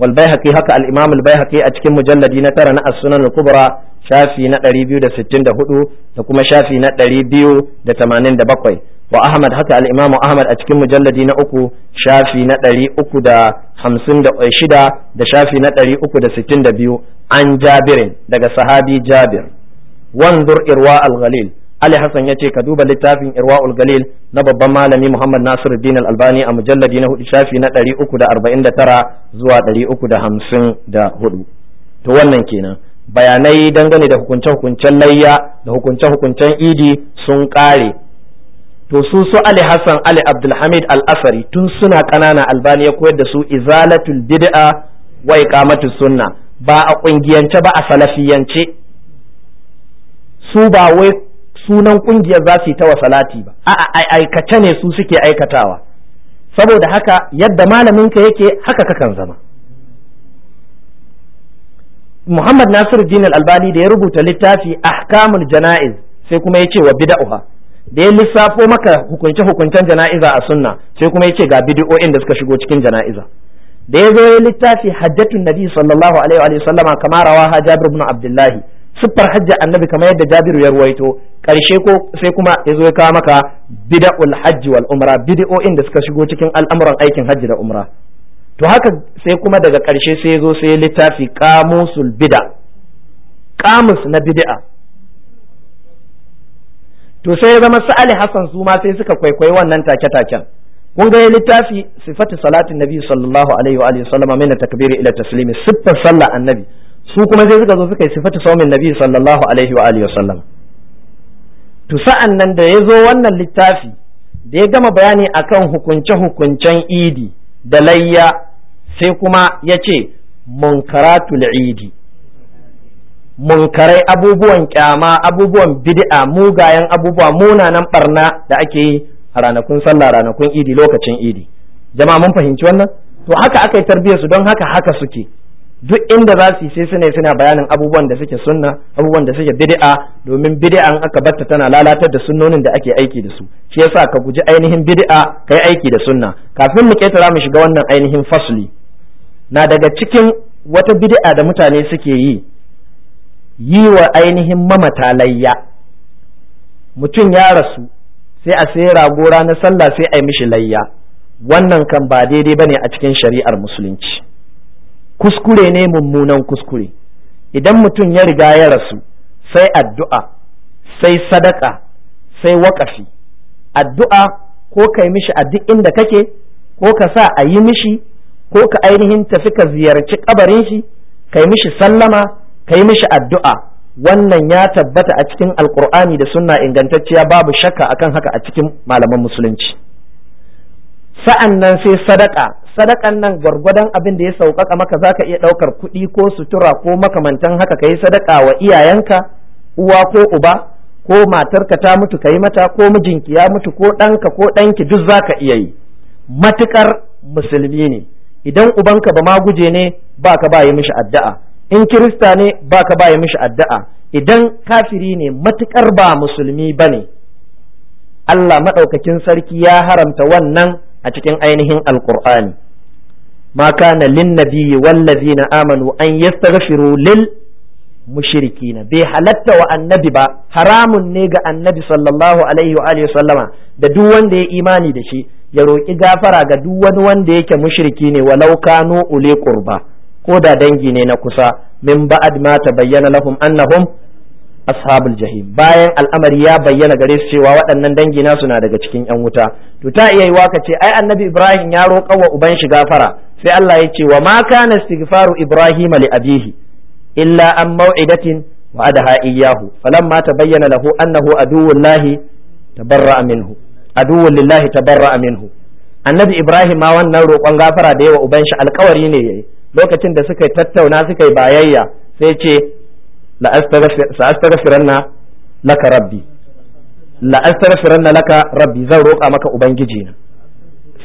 wal baihaqi haka al-imamu al-baihaqi a cikin mujalladi na tara na as-sunan al-kubra shafi na 264 da kuma shafi na 287 wa Ahmad haka al-Imam Ahmad a cikin mujalladi na uku shafi na 356 da shafi na 362 an Jabirin daga sahabi Jabir wanzur irwa al-Ghalil Ali Hassan ya ce ka duba littafin Irwa'ul Galil na babban malami Muhammad Nasiruddin Al-Albani a mujalladi na hudu shafi na 349 zuwa 354 to wannan kenan bayanai dangane da hukunce-hukuncen layya da hukunce-hukuncen idi sun kare. to su su Ali Hassan Ali Abdulhamid Al-Asari tun suna ƙanana albani ya koyar da su izalatul bid'a wa iqamatu sunna ba a ƙungiyance ba a salafiyance su ba wai sunan ƙungiyar za su yi ta wasalati ba a'a aikace ne su suke aikatawa saboda haka yadda malaminka yake haka kakan zama Muhammad Nasiruddin Al-Albani da ya rubuta littafi Ahkamul Jana'iz sai kuma ce wa bid'ah da ya lissafo maka hukunce hukuncen jana'iza a sunna sai kuma yace ga bid'o'in da suka shigo cikin jana'iza da ya zo ya littafi hajjatun nabi sallallahu alaihi wa sallama kama rawaha Jabir ibn Abdullahi siffar hajji annabi kamar yadda Jabiru ya ruwaito karshe ko sai kuma ya zo ya kawo maka bid'ul hajji wal umra bid'o'in da suka shigo cikin al'amuran aikin hajji da umra to haka sai kuma daga ƙarshe sai zo sai littafi kamusul bida kamus na bid'a to sai ya zama sa'ali hassan su ma sai suka kwaikwayi wannan take-taken kun ga littafi sifatu salatin nabi sallallahu alaihi wa alihi sallama min takbiri ila taslimi sifatu sallah annabi su kuma sai suka zo suka yi sifatu saumin nabi sallallahu alaihi wa alihi sallam to sa'an nan da ya zo wannan littafi da ya gama bayani akan hukunce hukuncen idi da layya sai kuma ya ce munkaratul idi munkarai abubuwan kyama abubuwan bid'a mugayen abubuwa munanan barna da ake yi a ranakun sallah ranakun idi lokacin idi jama'a mun fahimci wannan to haka aka yi tarbiyyar su don haka haka suke duk inda za su yi sai suna suna bayanin abubuwan da suke sunna abubuwan da suke bid'a domin bid'an aka batta tana lalatar da sunnonin da ake aiki da su shi yasa ka guji ainihin bid'a kai aiki da sunna kafin mu ketara mu shiga wannan ainihin fasli na daga cikin wata bid'a da mutane suke yi yi wa ainihin mamata layya mutum ya rasu sai a sai rago na sallah sai a yi mishi layya wannan kan ba daidai bane a cikin shari'ar musulunci kuskure ne mummunan kuskure idan mutum ya riga ya rasu sai addu'a sai sadaka sai waƙafi addu'a ko kai mishi a duk inda kake ko ka sa a yi mishi ko ka ainihin tafi ka ziyarci kabarin shi kai mishi sallama ka yi mishi addu'a wannan ya tabbata a cikin alkur'ani da sunna ingantacciya babu shakka akan haka a cikin malaman musulunci sa'an nan sai sadaka sadakan nan gwargwadon abin da ya sauƙaƙa maka zaka iya ɗaukar kuɗi ko sutura ko makamantan haka ka yi sadaka wa iyayenka uwa ko uba ko matarka ta mutu ka yi mata ko mijinki ya mutu ko ɗanka ko ɗanki duk zaka iya yi matuƙar musulmi ne idan ubanka ba ma guje ne ba ka ba yi mishi addu'a in kirista ne ba ka ba yi mishi addu'a idan kafiri ne matukar ba musulmi ba ne Allah maɗaukakin sarki ya haramta wannan a cikin ainihin alkur'ani ma kana lin nabiyyi na amanu an yastaghfiru lil na. bai halatta wa annabi ba haramun ne ga annabi sallallahu alaihi wa alihi sallama da duk wanda ya imani da shi ya roƙi gafara ga duk wani wanda yake mushriki ne walau kanu ule qurba ko da dangi ne na kusa min ba'ad ma tabayyana lahum annahum ashabul jahim bayan al'amari ya bayyana gare su cewa waɗannan dangi na suna daga cikin yan wuta to ta iya yiwa ka ce ai annabi ibrahim ya roƙa wa uban shi gafara sai Allah ya ce wa ma kana istighfaru ibrahim li abihi illa an maw'idatin wa'adaha iyyahu falamma tabayyana lahu annahu aduwwullahi tabarra'a minhu aduwwul lillahi tabarra'a minhu annabi ibrahim ma wannan roƙon gafara da yawa uban shi alkawari ne yayi lokacin da suka tattauna suka yi bayayya sai ce la astaghfiranna laka rabbi la astaghfiranna laka rabbi zan roƙa maka ubangiji na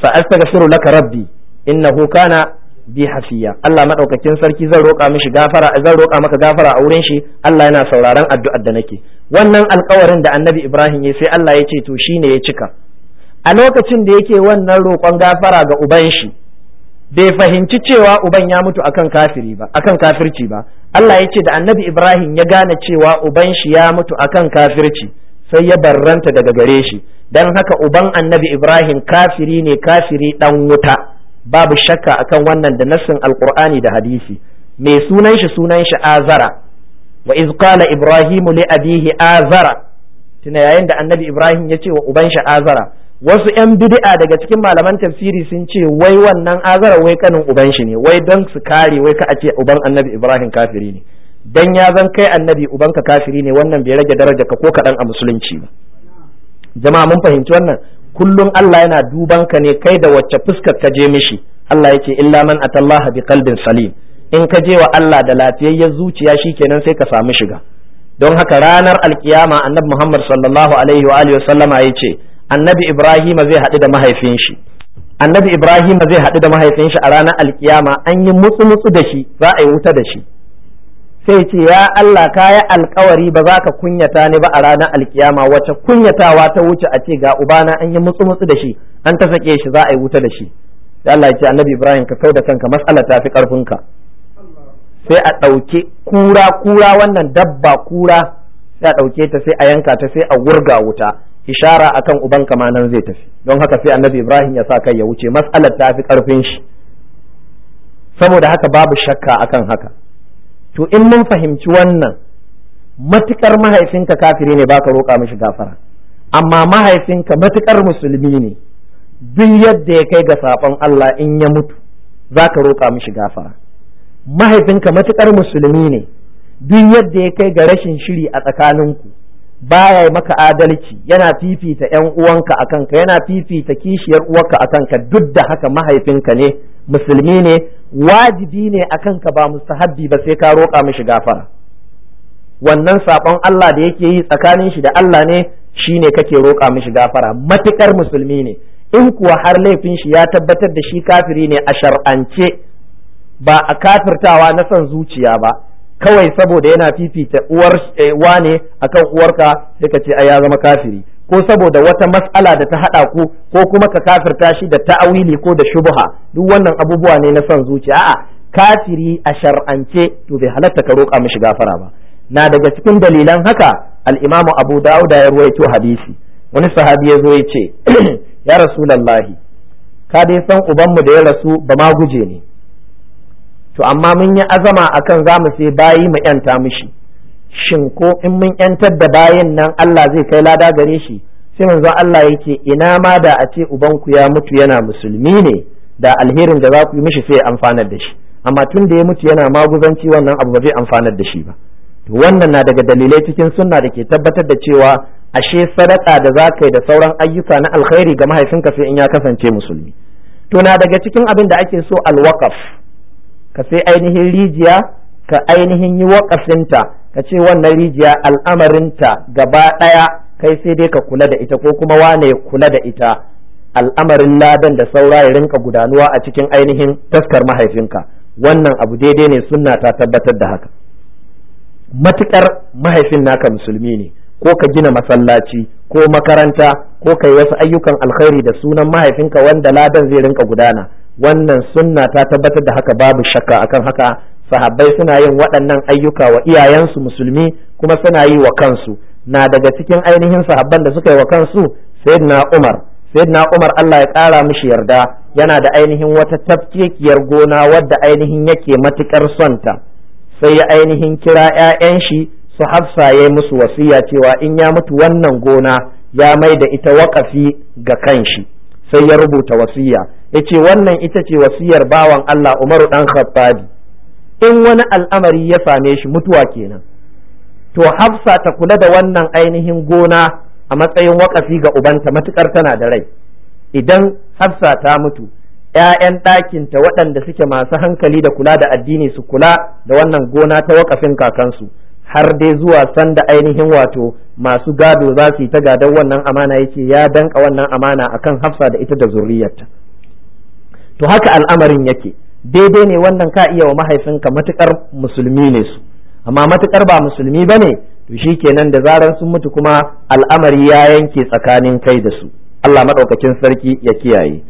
fa astaghfiru laka rabbi innahu kana bi hafiya Allah madaukakin sarki zan roƙa mishi gafara zan roƙa maka gafara a wurin shi Allah yana sauraron addu'ar da nake wannan alƙawarin da Annabi Ibrahim ya sai Allah ya ce to shine ya cika a lokacin da yake wannan roƙon gafara ga uban shi bai fahimci cewa uban ya mutu akan kafiri ba akan kafirci ba Allah ya ce da Annabi Ibrahim ya gane cewa uban shi ya mutu akan kafirci sai ya barranta daga gare shi dan haka uban Annabi Ibrahim kafiri ne kafiri dan wuta babu shakka akan wannan da nassin alqur'ani da hadisi mai sunan shi sunan shi azara wa iz qala ibrahimu li abihi azara tuna yayin da annabi ibrahim ya ce wa uban shi azara wasu yan bid'a daga cikin malaman tafsiri sun ce wai wannan azara wai kanin uban shi ne wai don su kare wai ka a ce uban annabi ibrahim kafiri ne dan ya zan kai annabi uban ka kafiri ne wannan bai rage daraja ka ko kaɗan a musulunci ba jama'a mun fahimci wannan kullum Allah yana duban ka ne kai da wacce fuskar ka je mishi Allah yake illa man atallaha bi qalbin salim in ka je wa Allah da lafiyayyen zuciya shikenan sai ka samu shiga don haka ranar alkiyama annabi Muhammad sallallahu alaihi wa alihi sallama yace annabi Ibrahim zai haɗu da mahaifin shi annabi Ibrahim zai haɗu da mahaifin shi a ranar alkiyama an yi mutsu mutsu da shi za a yi wuta da shi sai ce ya Allah ka yi alkawari ba za ka kunyata ni ba a ranar alkiyama wacce kunyatawa ta wuce a ce ga ubana an yi mutsu mutsu da shi an ta sake shi za a yi wuta da shi sai Allah ya ce annabi Ibrahim ka kau da kanka matsala ta fi karfinka sai a ɗauke kura kura wannan dabba kura sai a ɗauke ta sai a yanka ta sai a wurga wuta ishara akan uban ma nan zai tafi don haka sai annabi Ibrahim ya sa kai ya wuce matsalar ta fi karfin shi saboda haka babu shakka akan haka to in mun fahimci wannan matukar mahaifinka kafiri ne baka roƙa mishi gafara amma mahaifinka matukar musulmi ne duk yadda ya kai ga saɓon Allah in ya mutu zaka roƙa mishi gafara mahaifinka matukar musulmi ne duk yadda ya kai ga rashin shiri a tsakaninku baya yi maka adalci yana fifita ‘yan uwanka a kanka yana fifita kishiyar uwarka a kanka duk da haka mahaifinka ne musulmi ne wajibi ne a kanka ba mustahabbi ba sai ka roƙa mishi gafara wannan saƙon Allah da yake yi tsakanin shi da Allah ne shine kake roƙa mishi gafara matukar musulmi ne in kuwa har laifin shi ya tabbatar da shi kafiri ne a shar'ance ba a kafirtawa na son zuciya ba kawai saboda yana fifita uwar eh, wane akan uwarka sai ka ce ai ya zama kafiri ko saboda wata mas'ala da ta haɗa ku ko kuma ka kafirta shi da ta'awili ko da shubha duk wannan abubuwa ne na son zuciya a'a kafiri a shar'ance to bai halatta ka roƙa mishi gafara ba na daga cikin dalilan haka al-imamu abu Dauda ya ruwaito hadisi wani sahabi ya zo ya ce ya rasulullahi ka dai san ubanmu da ya rasu ba ma guje ne to amma mun yi azama akan zamu sai bayi mu yanta mishi shin ko in mun yantar da bayan nan Allah zai kai lada gare shi sai manzon Allah yake ina ma da a ce ubanku ya mutu yana musulmi ne da alherin da za ku yi mishi sai ya amfanar da shi amma tun da ya mutu yana maguzanci wannan abu ba zai amfanar da shi ba to wannan na daga dalilai cikin sunna da ke tabbatar da cewa ashe sadaka da za ka yi da sauran ayyuka na alkhairi ga mahaifinka sai in ya kasance musulmi to na daga cikin abin da ake so alwakaf ka sai ainihin rijiya ka ainihin yi wakafinta ka ce wannan rijiya al'amarinta gaba ɗaya kai sai dai ka kula da ita ko kuma wane ya kula da ita al'amarin ladan da saura ya rinka gudanuwa a cikin ainihin taskar mahaifinka wannan abu daidai ne sunna ta tabbatar da haka matukar mahaifin naka musulmi ne ko ka gina masallaci ko makaranta ko ka yi wasu ayyukan alkhairi da sunan mahaifinka wanda ladan zai rinka gudana wannan sunna ta tabbatar da haka babu shakka akan haka sahabbai suna yin waɗannan ayyuka wa iyayensu musulmi kuma suna yi wa kansu na daga cikin ainihin sahabban da suka yi wa kansu na Umar sayyidina Umar Allah ya ƙara mishi yarda yana da ainihin wata tafkekiyar gona wadda ainihin yake matukar sonta sai ya ainihin kira 'ya'yan shi su hafsa ya musu wasiya cewa in ya mutu wannan gona ya mai da ita waƙafi ga kanshi sai ya rubuta wasiya ya ce wannan ita ce wasiyar bawan Allah Umaru ɗan Khattabi in wani al'amari ya same shi mutuwa kenan to hafsa ta kula da wannan ainihin gona a matsayin wakafi ga ubanta matukar tana da rai idan hafsa ta mutu ‘ya'yan ɗakinta waɗanda suke masu hankali da kula da addini su kula da wannan gona ta wakafin kakansu har dai zuwa sanda ainihin wato masu gado za su yi ta gadon wannan amana yake ya danka wannan amana akan hafsa da ita da zurriyarta to haka al'amarin yake daidai ne wannan ka iya wa mahaifinka matukar musulmi ne su amma matukar ba musulmi ba ne to shi kenan da zarar sun mutu kuma al'amari ya yanke tsakanin kai da su Allah maɗaukacin sarki ya kiyaye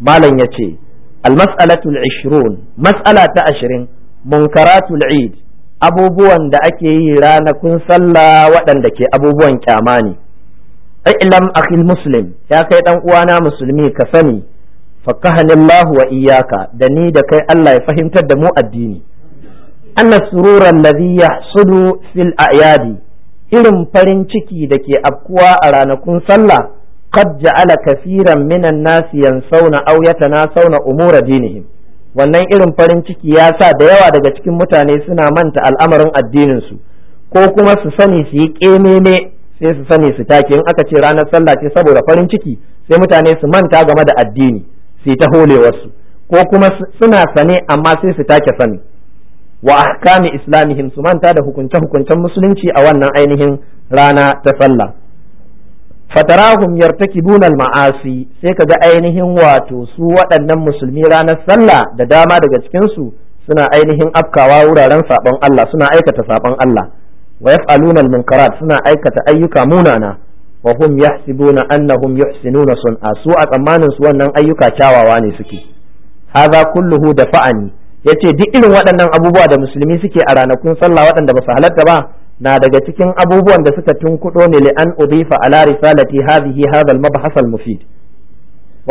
malam ya ce almas'alatul ishirun mas'ala ta ashirin munkaratul eid abubuwan da ake yi ranakun sallah waɗanda ke abubuwan kyama ne ilam akhil muslim ya kai dan uwana musulmi ka sani Allah wa iyyaka da ni da kai Allah ya fahimtar da mu addini anna sururan ladhi yahsudu fil a'yadi irin farin ciki da ke afkuwa a ranakun sallah qad ja'ala kaseeran minan nas yansawna aw yatanasawna umura dinihim wannan irin farin ciki ya sa da yawa daga cikin mutane suna manta al'amarin addinin su ko kuma su sani su yi kememe sai su sani su take in aka ce ranar sallah ce saboda farin ciki sai mutane su manta game da addini su ta holewarsu ko kuma suna sane amma sai su take sani wa ahkami islamihim su manta da hukunce hukuncen musulunci a wannan ainihin rana ta sallah fatarahum yartakibuna al-ma'asi sai kaga ainihin wato su waɗannan musulmi ranar sallah da dama daga cikin su suna ainihin afkawa wuraren sabon Allah suna aikata sabon Allah wa yaf'aluna munkarat suna aikata ayyuka munana wa hum yahsibuna annahum yuhsinuna sun'a su a tsammanin su wannan ayyuka kyawawa ne suke hadha kulluhu dafa'ani yace duk irin waɗannan abubuwa da musulmi suke a ranakun sallah waɗanda ba su halatta ba na daga cikin abubuwan da suka tunkuɗo ne li an udifa ala risalati hadhihi hadha al mabhas al mufid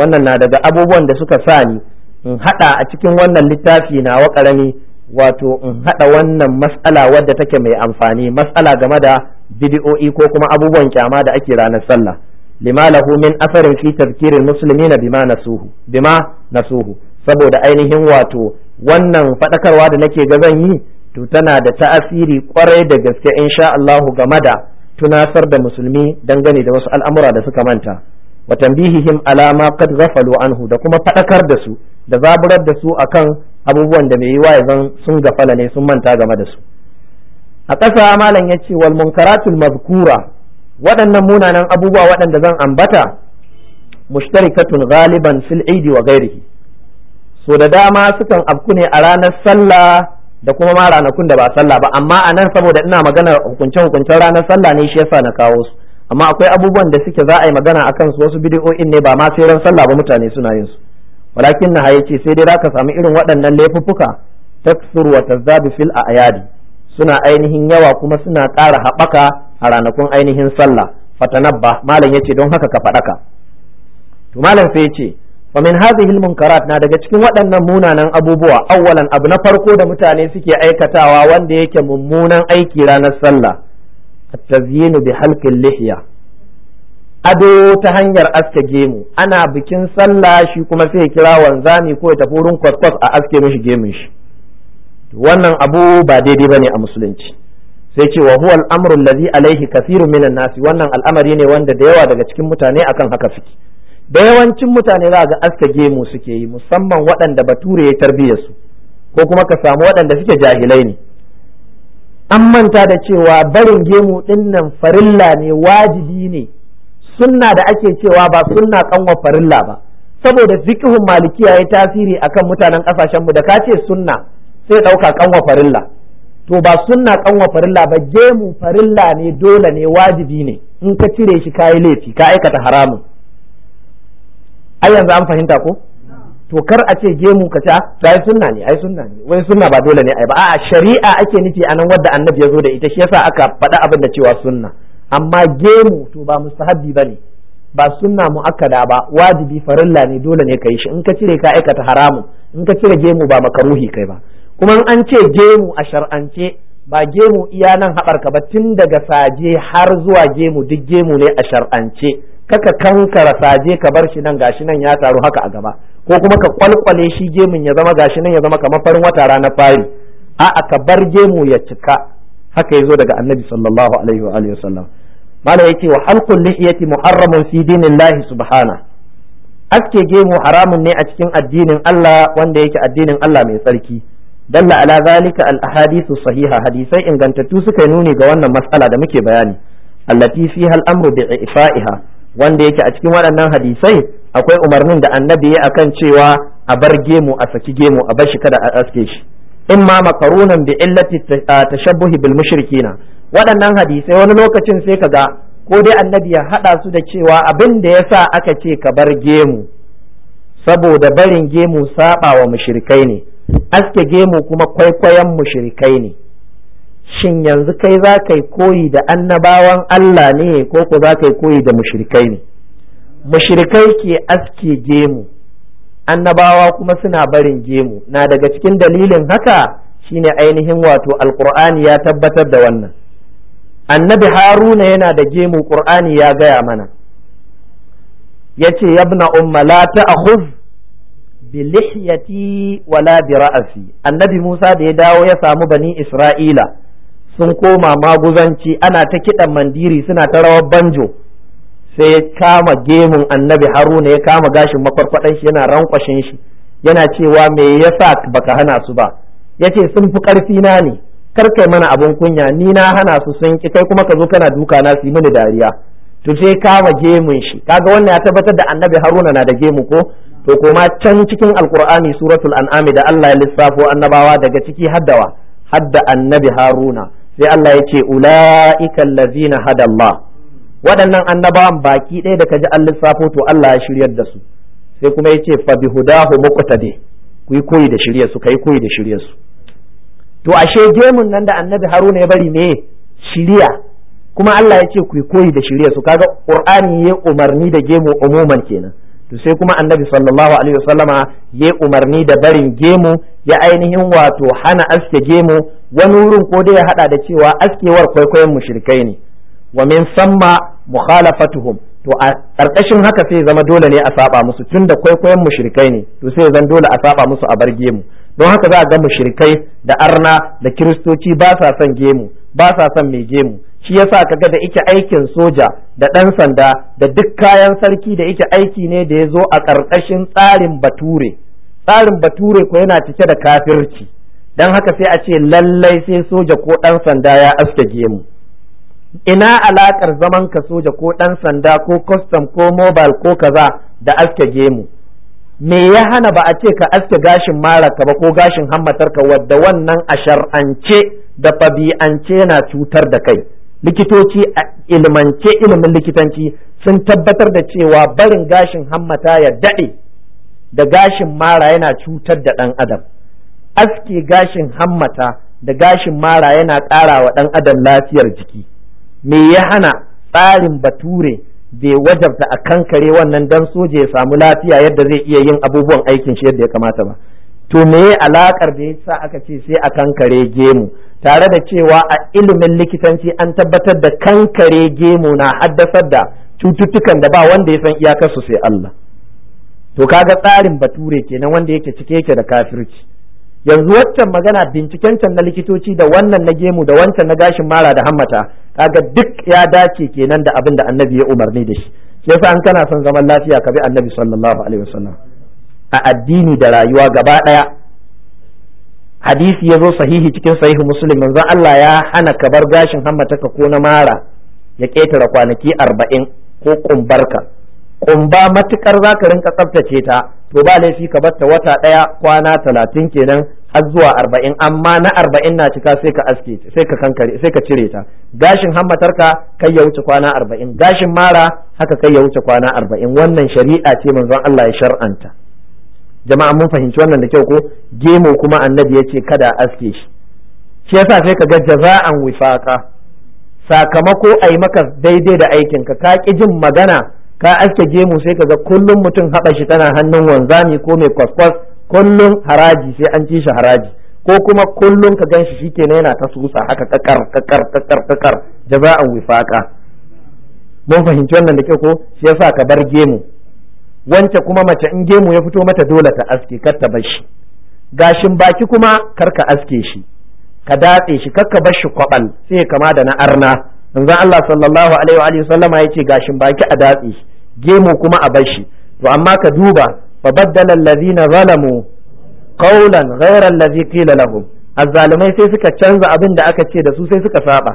wannan na daga abubuwan da suka sa ni in hada a cikin wannan littafi na wa karami wato in hada wannan mas'ala wadda take mai amfani mas'ala game da bid'o'i ko kuma abubuwan kyama da ake ranar sallah lima lahu min asarin fi tafkirin na bima nasuhu bima nasuhu saboda ainihin wato wannan fadakarwa da nake ga zan yi to tana da ta'asiri kwarai da gaske insha Allah game da tunasar da musulmi dangane da wasu al'amura da suka manta wa tanbihihim alama ma qad ghafalu anhu da kuma fadakar da su da zaburar da su akan abubuwan da mai yiwa yanzu sun gafala ne sun manta game da su a ƙasa malam ya ce wal munkaratul mazkura waɗannan munanan abubuwa waɗanda zan ambata mushtarikatun galiban fil idi wa ghairihi so da dama sukan afku ne a ranar sallah da kuma ma ranakun da ba sallah ba amma a nan saboda ina magana hukunce hukuncen ranar sallah ne shi yasa na kawo su amma akwai abubuwan da suke za a yi magana a kansu wasu bidiyo'in ne ba ma sai ran sallah ba mutane suna yin su walakin na ce sai dai za ka samu irin waɗannan laifuffuka taksuru wa tazzabi fil ayadi suna ainihin yawa kuma suna ƙara haɓaka a ranakun ainihin sallah fatanabba malam yace don haka ka faɗaka to malam sai yace fa min hadhihi al munkarat na daga cikin waɗannan munanan abubuwa awwalan abu na farko da mutane suke aikatawa wanda yake mummunan aiki ranar sallah at-tazyinu bi halqil lihya ado ta hanyar aske gemu ana bikin sallah shi kuma sai kira wanzami ko ya tafi wurin kwaskwas a aske mishi gemun shi wannan abu ba daidai bane a musulunci sai ce wa huwa al-amru alladhi kathirun minan nasi wannan al'amari ne wanda da yawa daga cikin mutane akan haka suke da yawancin mutane za ga aska gemu suke yi musamman waɗanda bature ya tarbiyyar su ko kuma ka samu waɗanda suke jahilai ne an manta da cewa barin gemu ɗinnan farilla ne wajibi ne sunna da ake cewa ba sunna kanwa farilla ba saboda zikihun malikiya ya tasiri akan mutanen kasashen mu da ka ce sunna sai ɗauka kanwa farilla to ba sunna kanwa farilla ba gemu farilla ne dole ne wajibi ne in ka cire shi yi laifi ka aikata haramun ai yanzu an fahimta ko to kar a ce gemu ka ta ah, to sunna ne ai sunna ne wai sunna ba dole ne ai ba a'a shari'a ake nufi anan wanda annabi ya zo da ita shi yasa aka faɗa abin da cewa sunna amma gemu to ba mustahabbi bane ba sunna muakkada ba wajibi farilla ne dole ne kai shi in ka cire ka aikata haramun in ka cire gemu ba makaruhi kai ba kuma an ce gemu a shar'ance ba gemu iya nan haɓarka ba tun daga saje har zuwa gemu duk gemu ne a shar'ance kaka kankara saje ka bar shi nan gashi nan ya taru haka a gaba ko kuma ka kwalkwale shi gemun ya zama gashi nan ya zama kamar farin wata ranar fari a'a ka bar gemu ya cika haka yazo daga annabi sallallahu alaihi wa alihi wasallam malai yace wa halqul lihiyati muharramun fi dinillahi subhana aske gemu haramun ne a cikin addinin Allah wanda yake addinin Allah mai tsarki dalla ala zalika al ahadithu sahiha hadisai ingantattu suka yi nuni ga wannan matsala da muke bayani allati fiha al amru bi ifaiha wanda yake a cikin waɗannan hadisai akwai umarnin da annabi ya akan cewa a bar gemu a saki gemu a bar shi kada a aske shi in ma makarunan bi illati tashabbuhi bil mushrikina waɗannan hadisai wani lokacin sai kaga ko dai annabi ya hada su da cewa abin da yasa aka ce ka bar gemu saboda barin gemu saba wa mushrikai ne aske gemu kuma kwaikwayon mushrikai ne shin yanzu kai za ka yi koyi da annabawan Allah ne ko ku za ka yi koyi da mushrikai ne mushrikai ke aske gemu annabawa kuma suna barin gemu na daga cikin dalilin haka shine ainihin wato alqur'ani ya tabbatar da wannan annabi haruna yana da gemu qur'ani ya gaya mana yace yabna umma la ta'khudh bilihyati wala bi ra'asi annabi Musa da ya dawo ya samu bani Isra'ila sun koma maguzanci ana ta kiɗan mandiri suna ta rawar banjo sai ya kama gemun annabi Haruna ya kama gashin makwarfadan shi yana rankwashin shi yana cewa me yasa baka hana su ba yace sun fi karfi na ne kar kai mana abun kunya ni na hana su sun ki kai kuma ka zo kana duka na su yi mini dariya to sai kama gemun shi kaga wannan ya tabbatar da annabi Haruna na da gemu ko to kuma can cikin alkur'ani suratul an'ami da Allah ya lissafo annabawa daga ciki haddawa hadda annabi haruna sai Allah ya ce ula'ika allazina hadallah waɗannan annabawan baki ɗaya da kaji an lissafo to Allah ya shiryar da su sai kuma ya ce fa bihudahu muqtadi ku yi koyi da shiryar su kai koyi da shiryar su to ashe gemun nan da annabi haruna ya bari me shiriya kuma Allah ya ce ku yi koyi da shirya su kaga Qur'ani ya umarni da gemu umuman kenan to sai kuma annabi sallallahu alaihi wasallama ya umarni da barin gemu ya ainihin wato hana aske gemu wani wurin ko dai ya hada da cewa askewar kwaikwayon mushrikai ne wa min samma mukhalafatuhum to a karkashin haka sai zama dole ne a saba musu tunda kwaikwayon mushrikai ne to sai zan dole a saba musu a bar gemu don haka za a ga mushrikai da arna da kiristoci ba sa son gemu ba sa son mai gemu shi yasa kaga da ike aikin soja da ɗan sanda da duk kayan sarki da ike aiki ne da ya zo a ƙarƙashin tsarin bature tsarin bature ko yana cike da kafirci don haka sai a ce lallai sai soja ko ɗan sanda ya aske gemu ina alaƙar zaman ka soja ko ɗan sanda ko custom ko mobile ko kaza da aske gemu me ya hana ba a ce ka aske gashin maraka ba ko gashin hammatarka wadda wannan a shar'ance da fabi'ance yana cutar da kai likitoci a ilmance ilimin likitanci sun tabbatar da cewa barin gashin hammata ya daɗe da gashin mara yana cutar da ɗan adam aske gashin hammata da gashin mara yana ƙara wa ɗan adam lafiyar jiki me ya hana tsarin bature bai wajabta a kankare wannan dan soja ya samu lafiya yadda zai iya yin abubuwan aikin shi yadda ya kamata ba to meye alakar da yasa aka ce sai a kankare gemu tare da cewa a ilimin likitanci an tabbatar da kankare gemu na haddasar da cututtukan da ba wanda ya san iyakarsu sai Allah to kaga tsarin bature kenan wanda yake cike yake da kafirci yanzu waccan magana binciken can na likitoci da wannan na gemu da wancan na gashin mara da hammata kaga duk ya dace kenan da abin da annabi ya umarni da shi yasa an kana son zaman lafiya ka bi annabi sallallahu alaihi wasallam a addini da rayuwa gaba ɗaya hadisi ya zo sahihi cikin sahihu musulmi manzon Allah ya hana ka bar gashin hammataka ko na mara ya ƙetare kwanaki arba'in ko kumbarka kumba matukar za ka rinka tsaftace ta to ba laifi ka batta wata ɗaya kwana talatin kenan har zuwa arba'in amma na arba'in na cika sai ka aske sai ka kankare sai ka cire ta gashin hammatarka kai ya wuce kwana arba'in gashin mara haka kai ya wuce kwana arba'in wannan shari'a ce manzon Allah ya shar'anta jama'a mun fahimci wannan da kyau ko gemu kuma annabi ya ce kada aske shi shi yasa sai ka ga jaza'an wifaka sakamako a yi maka daidai da aikinka ka ƙi jin magana ka aske gemu sai ka ga kullum mutum haɓa shi tana hannun wanzami ko mai kwaskwas kullum haraji sai an ci shi haraji ko kuma kullum ka gan shi shikenan yana ta susa haka kakar kakar kakar kakar jaza'an wifaka mun fahimci wannan da kyau ko shi yasa ka bar gemu wance kuma mace in gemu ya fito mata dole ta aske kar ta bar shi gashin baki kuma kar ka aske shi ka datse shi kar ka bar shi kwabal sai kama da na arna manzon Allah sallallahu alaihi wa sallama yace gashin baki a datse shi gemu kuma a bar shi to amma ka duba fa baddala allazina zalamu qawlan ghayra allazi qila lahum azzalimai sai suka canza abin da aka ce da su sai suka saba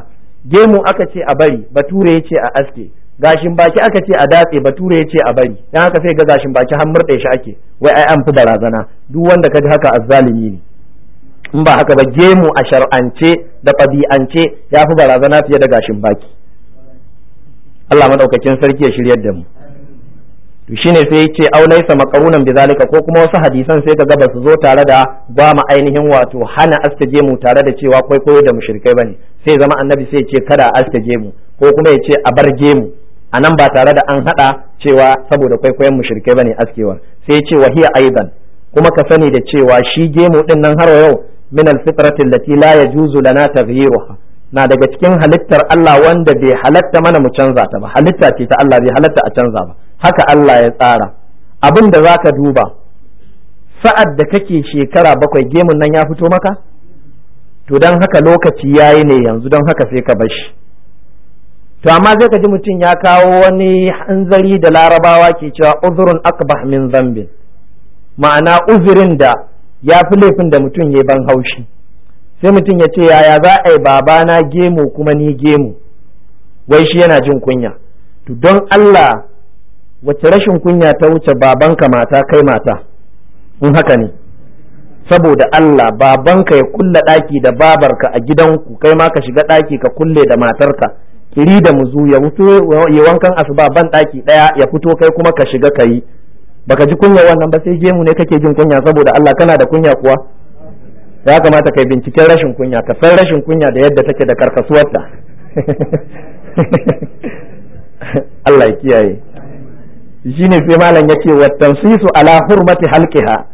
gemu aka ce a bari bature yace a aske gashin baki aka ce a datse bature ya ce a bari dan haka sai ga gashin baki har murɗe shi ake wai ai an fi barazana duk wanda ka kaji haka azzalimi ne in ba haka ba gemu a shar'ance da ɗabi'ance ya fi barazana fiye da gashin baki Allah madaukakin sarki ya shiryar da mu to shine sai yace aulaisa laysa bizalika ko kuma wasu hadisan sai ka gaba su zo tare da ba mu ainihin wato hana aske gemu tare da cewa kwaikwayo da mushrikai bane sai zama annabi sai ce kada aske gemu ko kuma ya ce a bar gemu a nan ba tare da an haɗa cewa saboda kwaikwayon mu mushrikai bane askewar sai ce wa hiya aidan kuma ka sani da cewa shi gemu din nan har yau min alfitratin lati la yajuzu lana taghyiruha na daga cikin halittar Allah wanda bai halatta mana mu canza ta ba halitta ce ta Allah bai halatta a canza ba haka Allah ya tsara abin da ka duba sa'ad da kake shekara bakwai gemun nan ya fito maka to don haka lokaci yayi ne yanzu don haka sai ka bar shi to amma zai ka ji mutum ya kawo wani hanzari da larabawa ke cewa uzurun akbah min zambin ma'ana uzurin da ya fi laifin da mutum ya ban haushi sai mutum ya ce yaya za a yi babana gemu kuma ni gemu wai shi yana jin kunya to don Allah wace rashin kunya ta wuce babanka mata kai mata in haka ne saboda Allah babanka ya kulle daki da babarka a gidanku kai ma ka shiga daki ka kulle da matarka kiri da muzu ya mutu ya wankan asuba ban daki daya ya fito kai kuma ka shiga kai baka ji kunya wannan ba sai gemu ne kake jin kunya saboda Allah kana da kunya kuwa ya kamata kai binciken rashin kunya ka san rashin kunya da yadda take da karkasuwarta Allah ya kiyaye shine sai malam yace wa tansisu ala hurmati halqiha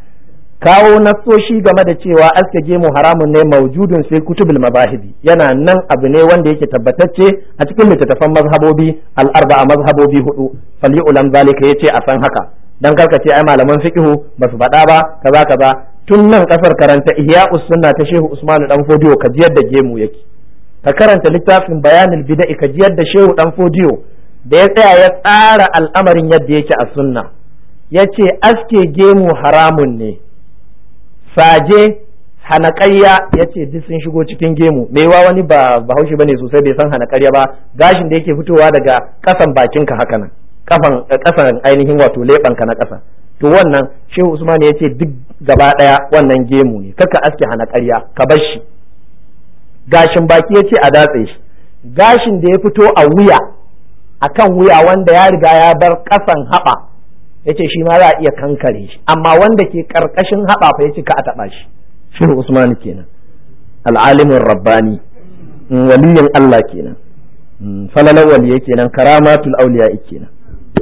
kawo nasoshi game da cewa aske gemu haramun ne maujudun sai kutubul mabahidi yana nan abu ne wanda yake tabbatacce a cikin littattafan mazhabobi a mazhabobi hudu fali ulam zalika yace a san haka dan karka ce ai malaman fiqhu basu su faɗa ba kaza kaza tun nan kasar karanta ihya sunna ta shehu usman dan fodiyo ka jiyar da gemu yake ka karanta littafin bayanul bida'i ka jiyar da shehu dan fodiyo da ya tsaya ya tsara al'amarin yadda yake a sunna yace aske gemu haramun ne saje hanaƙarya ya ce duk sun shigo cikin gemu maiwa wani ba bahaushe ne sosai bai san hanaƙarya ba gashin da yake fitowa daga ƙasan bakinka haka nan kafan eh, ƙasan ainihin wato ka na kasa to wannan shehu usman ya ce duk gaba ɗaya wannan gemu ne kaka aske hanaƙarya ka bar shi gashin baki ya ce a datse shi gashin da ya fito a wuya akan wuya wanda ya riga ya bar kasan haɓa yace shi ma za a iya kankare shi amma wanda ke karkashin haɓa ya yace ka a taɓa shi shiru usman kenan al'alimin rabbani mm, waliyin Allah kenan mm, falalar waliye kenan karamatul auliya kenan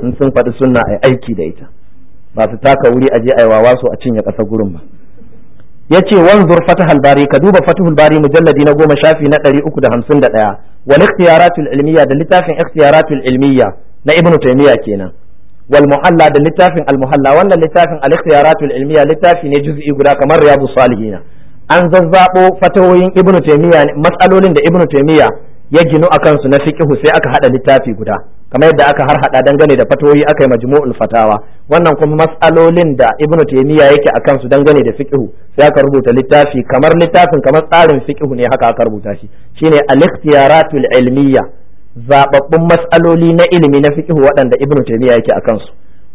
in sun faɗi sunna ai aiki da ita ba su taka wuri a ai wawa su a cinye ƙasa gurin ba yace wanzur fatahul bari ka duba fatahul bari mujalladi na goma shafi na 351 wal ikhtiyaratul ilmiya da littafin ikhtiyaratul ilmiya na ibnu taymiya kenan walmuhalla da littafin almuhalla wannan littafin al ilmiya littafi ne juz'i guda kamar riyadus salihin an zazzabo fatawoyin ibnu taymiya matsalolin da ibnu taymiya ya ginu akan su na fiqh sai aka hada littafi guda kamar yadda aka har hada dangane da fatawoyi aka yi majmu'ul fatawa wannan kuma matsalolin da ibnu taymiya yake akan su dangane da fiqh sai aka rubuta littafi kamar littafin kamar tsarin fiqh ne haka aka rubuta shi shine al-ikhtiyaratul ilmiya zababbun matsaloli na ilimi na fiqh waɗanda ibnu taymiya yake a kansu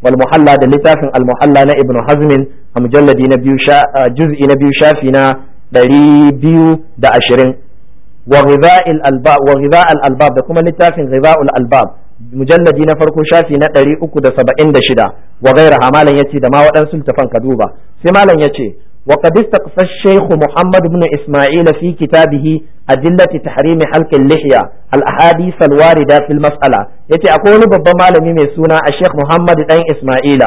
wal muhalla da littafin al muhalla na ibnu hazmin a mujalladi na biyu juz'i na biyu shafi na ɗari biyu da ashirin wa ghiza albab da kuma littafin ghiza albab mujalladi na farko shafi na ɗari uku da saba'in da shida wa malam ya ce da ma waɗansu littafan ka duba sai malam ya ce وقد استقصى الشيخ محمد بن إسماعيل في كتابه أدلة تحريم حلق اللحية الأحاديث الواردة في المسألة يتي أقول بابا مالمي ميسونا الشيخ محمد بن إسماعيل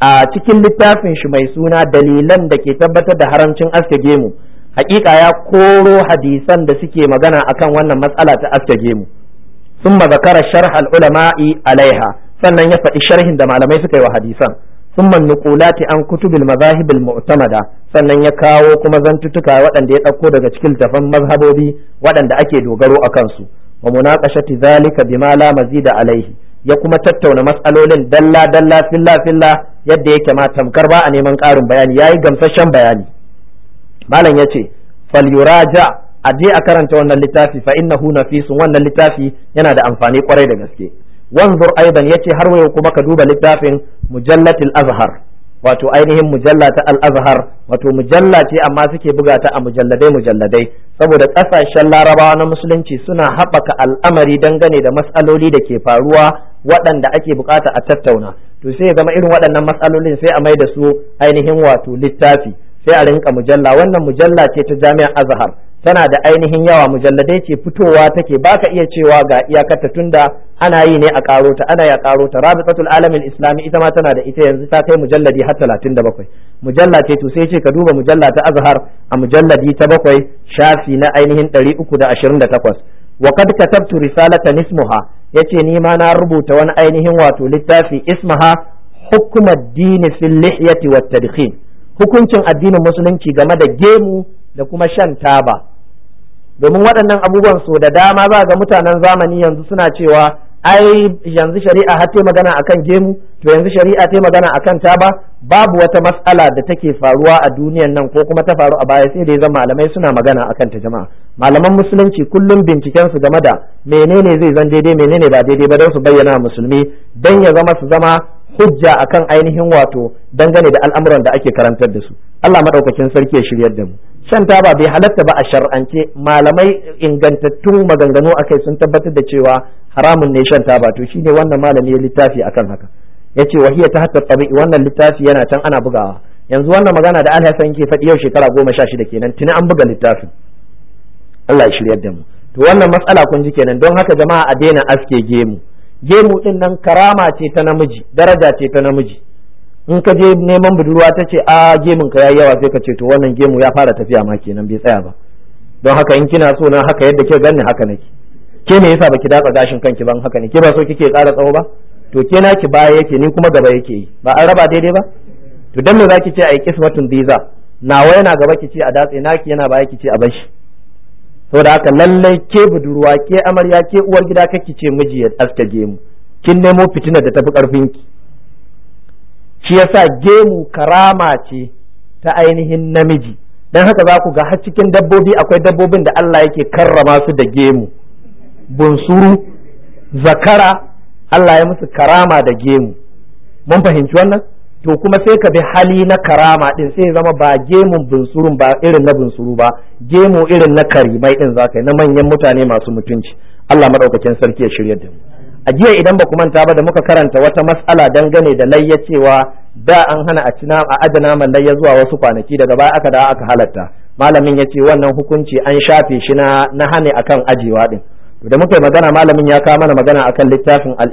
a cikin littafin shi mai suna dalilan da ke tabbatar da haramcin aske gemu hakika ya koro hadisan da suke magana akan wannan matsala ta aske gemu sun zakara sharh al-ulama'i alaiha sannan ya faɗi sharhin da malamai suka yi wa hadisan ثم النقولات عن كتب المذاهب المعتمدة sannan ya kawo kuma zantuttuka waɗanda ya ɗauko daga cikin tafan mazhabobi waɗanda ake dogaro a kansu wa munaqashati zalika bima la mazida alaihi ya kuma tattauna matsalolin dalla dalla filla filla yadda yake ma tamkar ba a neman ƙarin bayani yayi gamsashen bayani malam yace fal a je a karanta wannan littafi fa innahu nafisun wannan littafi yana da amfani kwarai da gaske wanzur ya ce har wayo kuma ka duba littafin mujallatil azhar wato ainihin mujalla ta al wato mujalla ce amma suke buga ta a mujalladai mujalladai saboda ƙasashen larabawa na musulunci suna haɓaka al'amari dangane da matsaloli da ke faruwa waɗanda ake bukata a tattauna to sai ya zama irin waɗannan matsalolin sai a mai da su ainihin wato littafi sai a rinka mujalla wannan mujalla ce ta jami'ar azhar tana da ainihin yawa mujalladai ce fitowa take baka iya cewa ga iyakarta tunda ana yi ne a karo ta ana ya karo ta rabitatul alamin islami ita ma tana da ita yanzu ta kai mujalladi har 37 mujalla ce to sai ce ka duba mujalla ta azhar a mujalladi ta bakwai shafi na ainihin 328 wa kad katabtu risalatan ismuha yace ni ma na rubuta wani ainihin wato littafi ismaha hukumar dini fil lihyati wat tadkhin hukuncin addinin musulunci game da gemu da kuma shan taba domin waɗannan abubuwan so da dama za ga mutanen zamani yanzu suna cewa ai yanzu shari'a har ta magana akan gemu to yanzu shari'a ta magana akan taba babu wata matsala da take faruwa a duniyan nan ko kuma ta faru a baya sai da zan malamai suna magana akan ta jama'a malaman musulunci kullum binciken su game da menene zai zan daidai menene ba daidai ba don su bayyana musulmi dan ya zama su zama hujja akan ainihin wato dangane da al'amuran da ake karantar da su Allah madaukakin sarki ya shiryar da mu shan taba bai halatta ba a shar'ance malamai ingantattun maganganu akai sun tabbatar da cewa haramun ne shan taba to shine wannan malami ya littafi akan haka yace wahiya ta hatta tabi'i wannan littafi yana can ana bugawa yanzu wannan magana da al ke faɗi yau shekara goma sha shida kenan tuni an buga littafin Allah ya shiryar da mu to wannan matsala kun ji kenan don haka jama'a a daina aske gemu gemu din nan karama ce ta namiji daraja ce ta namiji in ka je neman budurwa ta ce a gemun ka yayi yawa sai ka ce to wannan gemu ya fara tafiya ma kenan bai tsaya ba don haka in kina so na haka yadda ke ganni haka nake ke me yasa baki datsa gashin kanki ban haka ne ke ba so kike ƙara tsawo ba to ke naki baya yake ni kuma gaba yake yi ba an raba daidai ba to dan me zaki ce ai kismatun biza nawa yana gaba ki ce a datse naki yana baya ki ce a bashi da haka lallai ke budurwa ke amarya ke uwar gida kake ce miji ya aske gemu kin nemo fitinar da tafi ƙarfin ki shi yasa gemu karama ce ta ainihin namiji dan haka za ku ga har cikin dabbobi akwai dabbobin da Allah yake karrama su da gemu bunsuru zakara Allah ya musu karama da gemu mun fahimci wannan to kuma sai ka bi hali na karama din sai zama ba gemu bunsurun ba irin na bunsuru ba gemu irin na karimai din za ka yi na manyan mutane masu mutunci Allah madaukakin sarki ya shirya da mu a jiya idan ba ku manta ba da muka karanta wata mas'ala dangane da layya cewa da an hana a cina a naman layya zuwa wasu kwanaki daga baya aka da aka halatta malamin ya ce wannan hukunci an shafe shi na na hane akan ajewa din da muka yi magana malamin ya kawo mana magana akan littafin al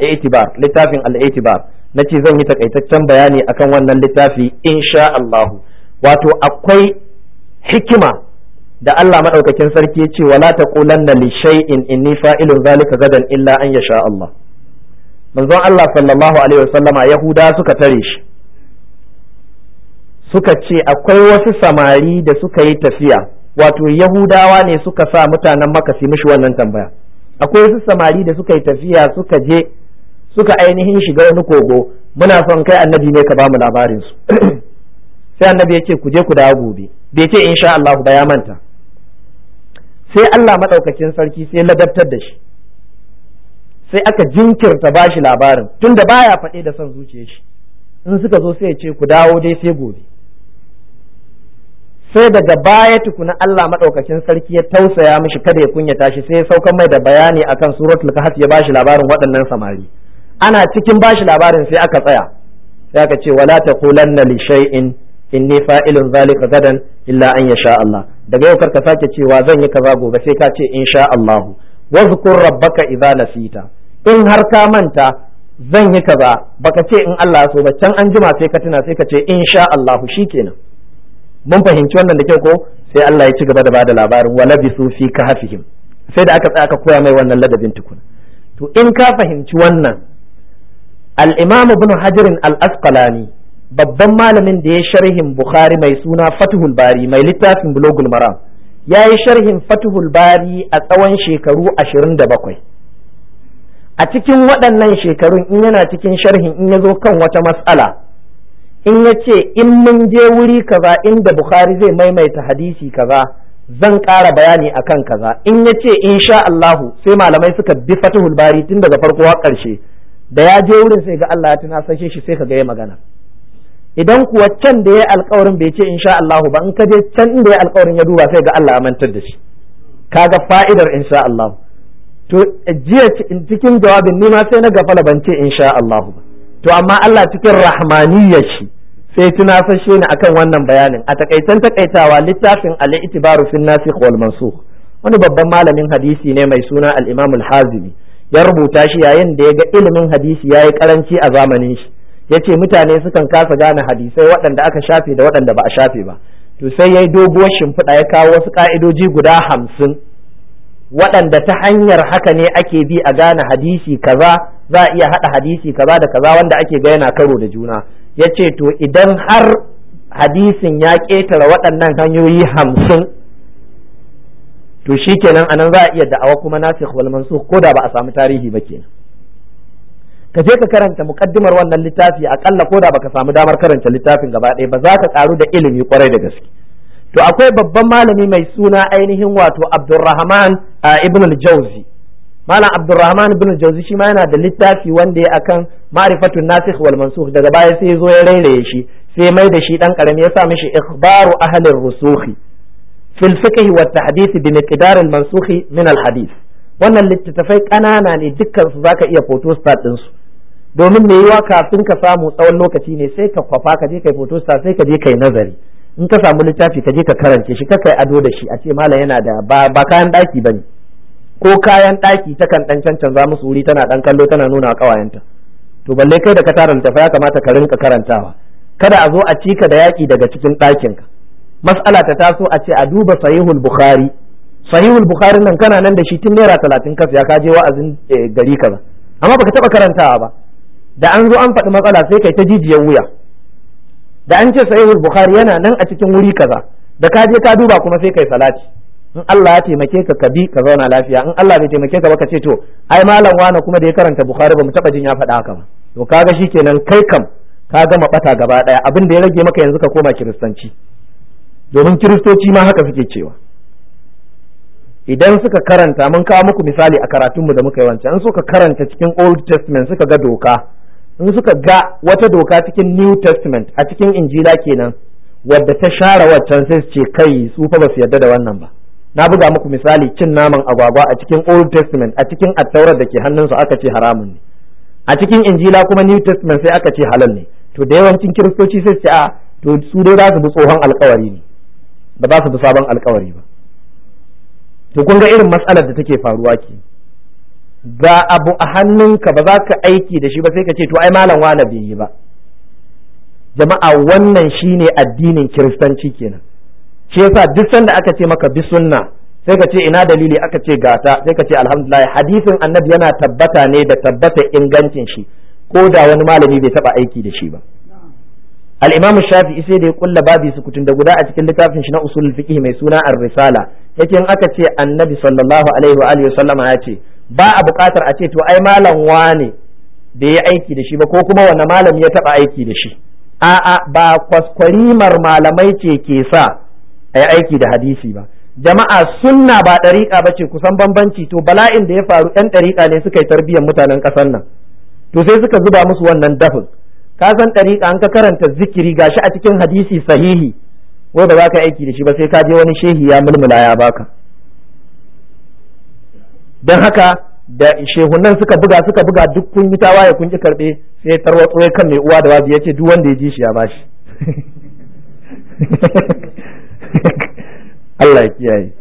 littafin al-i'tibar na ce zan yi takaitaccen bayani akan wannan littafi insha Allah wato akwai hikima da Allah madaukakin sarki ya ce wala taqulanna li shay'in inni fa'ilun zalika gadan illa an yasha Allah manzon Allah sallallahu alaihi wasallama yahuda suka tare shi suka ce akwai wasu samari da suka yi tafiya wato yahudawa ne suka sa mutanen makasi su mishi wannan tambaya akwai wasu samari da suka yi tafiya suka je suka ainihin shiga wani kogo muna son kai annabi ne ka ba mu labarin su sai annabi ya ce ku je ku dawo gobe bai ce insha Allah ba ya manta sai Allah madaukakin sarki sai ladabtar da shi sai aka jinkirta ba shi labarin tunda baya faɗe da son zuciyar shi in suka zo sai ya ce ku dawo dai sai gobe sai daga baya tukuna Allah madaukakin sarki ya tausaya mishi kada ya kunyata shi sai ya saukan mai da bayani akan suratul kahf ya ba shi labarin waɗannan samari ana cikin bashi labarin sai aka tsaya sai aka ce wala taqulanna li shay'in inni fa'ilun zalika gadan illa an yasha Allah daga yau karka sake cewa zan yi kaza gobe sai ka ce insha Allah wazkur rabbaka idza nasita in har ka manta zan yi kaza baka ce in Allah so ba can an jima sai ka tuna sai ka ce insha Allah shikenan mun fahimci wannan da kyau ko sai Allah ya ci gaba da bada labarin wala bisu fi kahfihim sai da aka tsaya aka koya mai wannan ladabin tukuna to in ka fahimci wannan al-imam ibn hajar al-asqalani babban malamin da ya sharhin bukhari mai suna fathul bari mai littafin bulogul maram ya yi sharhin fathul bari a tsawon shekaru ashirin da bakwai a cikin waɗannan shekarun in yana cikin sharhin in ya zo kan wata matsala in ya ce in mun je wuri kaza inda bukhari zai maimaita hadisi kaza zan ƙara bayani akan kaza in ya ce sha Allahu sai malamai suka bi fathul bari tun daga farko har ƙarshe da ya je wurin sai ga Allah ya tunasashe shi sai ka ga ya magana idan kuwa can da ya alkawarin bai ce insha Allah ba in ka je can inda ya alkawarin ya duba sai ga Allah ya mantar da shi kaga fa'idar insha Allah to jiya cikin jawabin ni ma sai na gafala ban ce insha Allah ba to amma Allah cikin rahmaniyya shi sai tunasashe ni akan wannan bayanin a takaitan takaitawa littafin al-itibaru fi nasikh wal mansukh wani babban malamin hadisi ne mai suna al-Imam al-Hazimi ya rubuta shi yayin da ya ga ilimin hadisi ya yi karanci a zamanin shi ya ce mutane sukan kasa gane hadisai waɗanda aka shafe da waɗanda ba a shafe ba to sai ya yi doguwar shimfiɗa ya kawo wasu ƙa'idoji guda hamsin waɗanda ta hanyar haka ne ake bi a gane hadisi kaza za a iya haɗa hadisi kaza da kaza wanda ake ga yana karo da juna ya ce to idan har hadisin ya ƙetare waɗannan hanyoyi hamsin to shi shikenan anan za a iya da'awa kuma nasikh wal mansukh ko da ba a samu tarihi ba kenan ka je ka karanta muqaddimar wannan littafi akalla ko da baka samu damar karanta littafin gaba ɗaya ba za ka karu da ilimi kwarai da gaske to akwai babban malami mai suna ainihin wato Abdurrahman ibn al-Jauzi malam Abdurrahman ibn al-Jauzi shi ma yana da littafi wanda ya akan ma'rifatun nasikh wal mansukh daga baya sai ya zo ya rairaye shi sai mai da shi dan karami ya sa mishi ikhbaru ahli ar-rusukh fil fiqh wa tahdith bi miqdar al mansukh min al hadith wannan littattafai kanana ne dukkan su zaka iya photostat din su domin me yiwa kafin ka samu tsawon lokaci ne sai ka kwafa ka je kai photostat sai ka je kai nazari in ka samu littafi ka je ka karance shi ka kai ado da shi a ce malam yana da ba kayan daki bane ko kayan daki takan dan cancanza musu wuri tana dan kallo tana nuna kawayenta to balle kai da ka tara littafi ya kamata ka rinka karantawa kada a zo a cika da yaki daga cikin ɗakin ka mas'ala ta taso a ce a duba sahihul bukhari sahihul bukhari nan kana nan da shi tun naira talatin kas ya kaje wa'azin eh, gari kaza amma baka taba karantawa ba da an zo an faɗi matsala sai kai ta jijiyar wuya da an ce sahihul bukhari yana nan a cikin wuri kaza da ka je ka duba kuma sai kai salati in Allah ya taimake ka ka bi ka zauna lafiya in Allah bai taimake ka ba ka ce to ai malam wani kuma da ya karanta bukhari mu taba jin ya faɗa haka ba to kaga shikenan kai kam ka gama bata gaba daya abin da ya rage maka yanzu ka koma kiristanci domin kiristoci ma haka suke cewa idan suka karanta mun kawo muku misali a karatunmu da muka yi wancan in suka karanta cikin old testament suka ga doka in suka ga wata doka cikin new testament a cikin injila kenan wadda ta share waccan sai su ce kai su fa ba su yarda da wannan ba na buga muku misali cin naman agwagwa a cikin old testament a cikin attaurar da ke hannunsu aka ce haramun ne a cikin injila kuma new testament sai aka ce halal ne to da yawancin kiristoci sai su ce a to su dai za su bi tsohon alkawari ne ba za su bi sabon alkawari ba to kun ga irin matsalar da take faruwa ke ga abu a hannunka ba za ka aiki da shi ba sai ka ce to ai malam wane bai yi ba jama'a wannan shine addinin kiristanci kenan ke yasa duk sanda aka ce maka bi sunna sai ka ce ina dalili aka ce gata sai ka ce alhamdulillah hadisin annabi yana tabbata ne da tabbata ingancin shi ko da wani malami bai taba aiki da shi ba al-imam shafi'i sai da ya kulla babu sukutun da guda a cikin littafin shi na usulul fiqh mai suna ar-risala in aka ce annabi sallallahu alaihi wa alihi ya ce ba a buƙatar a ce to ai malam wane da ya aiki da shi ba ko kuma wanne malami ya taba aiki da shi a'a ba kwaskwarimar malamai ce ke sa ayi aiki da hadisi ba jama'a sunna ba ɗariƙa ba ce kusan bambanci to bala'in da ya faru ɗan ɗariƙa ne suka yi tarbiyyar mutanen ƙasar nan to sai suka zuba musu wannan dafin ka san ɗariƙa an ka karanta zikiri gashi a cikin hadisi sahihi wai ba za ka aiki da shi ba sai ka je wani shehi ya mulmula ya baka don haka da shehunan suka buga suka buga duk kun yi tawaye kun ki karɓe sai tarwatso ya kan mai uwa da wazi ya ce duk wanda ya ji shi ya bashi Allah ya kiyaye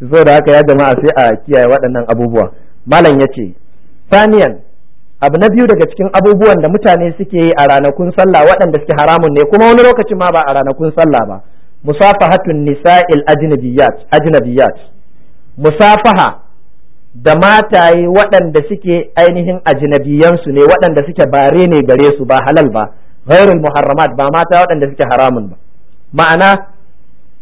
so da haka ya jama'a sai a kiyaye waɗannan abubuwa malam ya ce saniyan abu na biyu daga cikin abubuwan da mutane suke yi a ranakun sallah waɗanda suke haramun ne kuma wani lokaci ma ba a ranakun sallah ba musafahatun nisa'il ajnabiyat ajnabiyat musafaha da mataye waɗanda suke ainihin ajnabiyansu ne waɗanda suke bare ne gare su ba halal ba ghairul muharramat ba mata waɗanda suke haramun ba ma'ana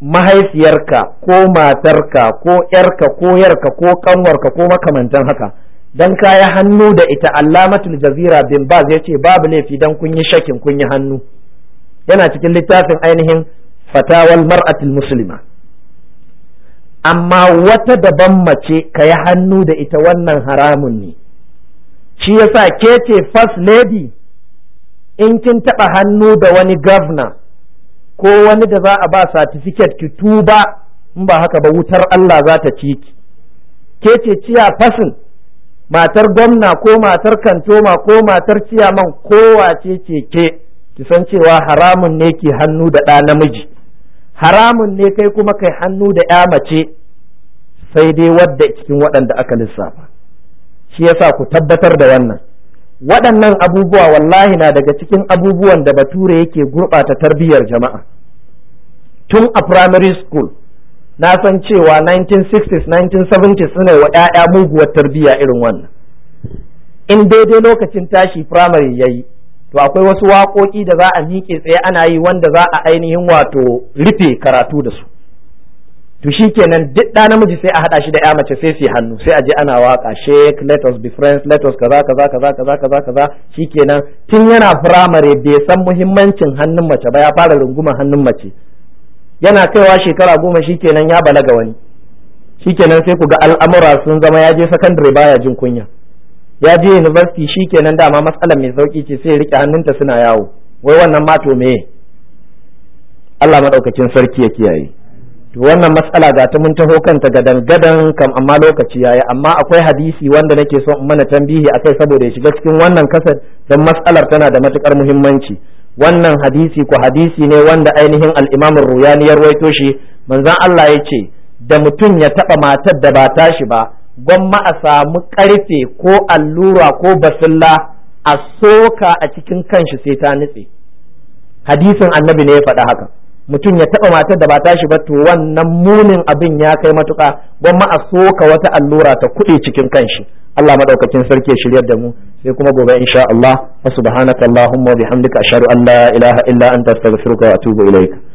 mahaifiyarka ko matarka ko yarka ko yarka ko kanwarka ko makamantan haka dan kaya hannu da ita allamatul jazira bin baz zai ce babu laifi dan kun yi shakin kun yi hannu yana cikin littafin ainihin fatawal mar'atul muslima amma wata daban mace ka yi hannu da ita wannan haramun ne shi yasa ke ce first lady in kin taɓa hannu da wani gavna ko wani da za a ba certificate ki tuba in ba haka ba wutar Allah za ta ci ki ke ce ciya fasin matar gwamna ko matar kantoma ko matar ciyaman kowa ce ce ke ki san cewa haramun ne ke hannu da ɗa namiji haramun ne kai kuma kai hannu da ya mace sai dai wadda cikin waɗanda aka lissafa shi yasa ku tabbatar da wannan waɗannan abubuwa wallahi na daga cikin abubuwan da bature yake gurɓata tarbiyyar jama'a tun a primary school na san cewa 1960s 1970s suna wa ƴaƴa muguwar tarbiyya irin wannan in daidai lokacin tashi firamare ya yi to akwai wasu waƙoƙi da za a miƙe tsaye ana yi wanda za a ainihin wato rufe karatu da su to shi shikenan duk ɗa namiji sai a haɗa shi da ya mace sai su hannu sai a je ana waƙa shek let us be friends let us kaza kaza kaza kaza kaza kaza kenan tun yana firamare bai san muhimmancin hannun mace ba ya fara rungumar hannun mace yana kaiwa shekara goma shikenan ya balaga wani shikenan sai ku ga al'amura sun zama ya je sakandare baya jin kunya ya je university shikenan dama matsalar mai sauki ce sai rike hannunta suna yawo wai wannan mato me Allah madaukakin sarki ya kiyaye to wannan matsala ga ta mun taho kanta ga gadan kam amma lokaci yayi amma akwai hadisi wanda nake so in mana tambihi akai saboda ya shiga cikin wannan kasar dan matsalar tana da matukar muhimmanci wannan hadisi ko hadisi ne wanda ainihin al'imamin ruyani ya ruwaito shi manzon Allah ya ce da mutum ya taɓa matar da ba tashi ba gwamma a samu ƙarfe ko allura ko basilla a soka a cikin kanshi sai ta nutse hadisin annabi ne ya faɗa haka mutum ya taɓa matar da ba tashi ba to wannan munin abin ya kai matuƙa gwamma a soka wata allura ta kuɗe cikin kanshi Allah madaukakin sarki ya shiryar da mu sai kuma gobe insha Allah subhanaka allahumma wa bihamdika ashhadu an la ilaha illa anta astaghfiruka wa atubu ilaika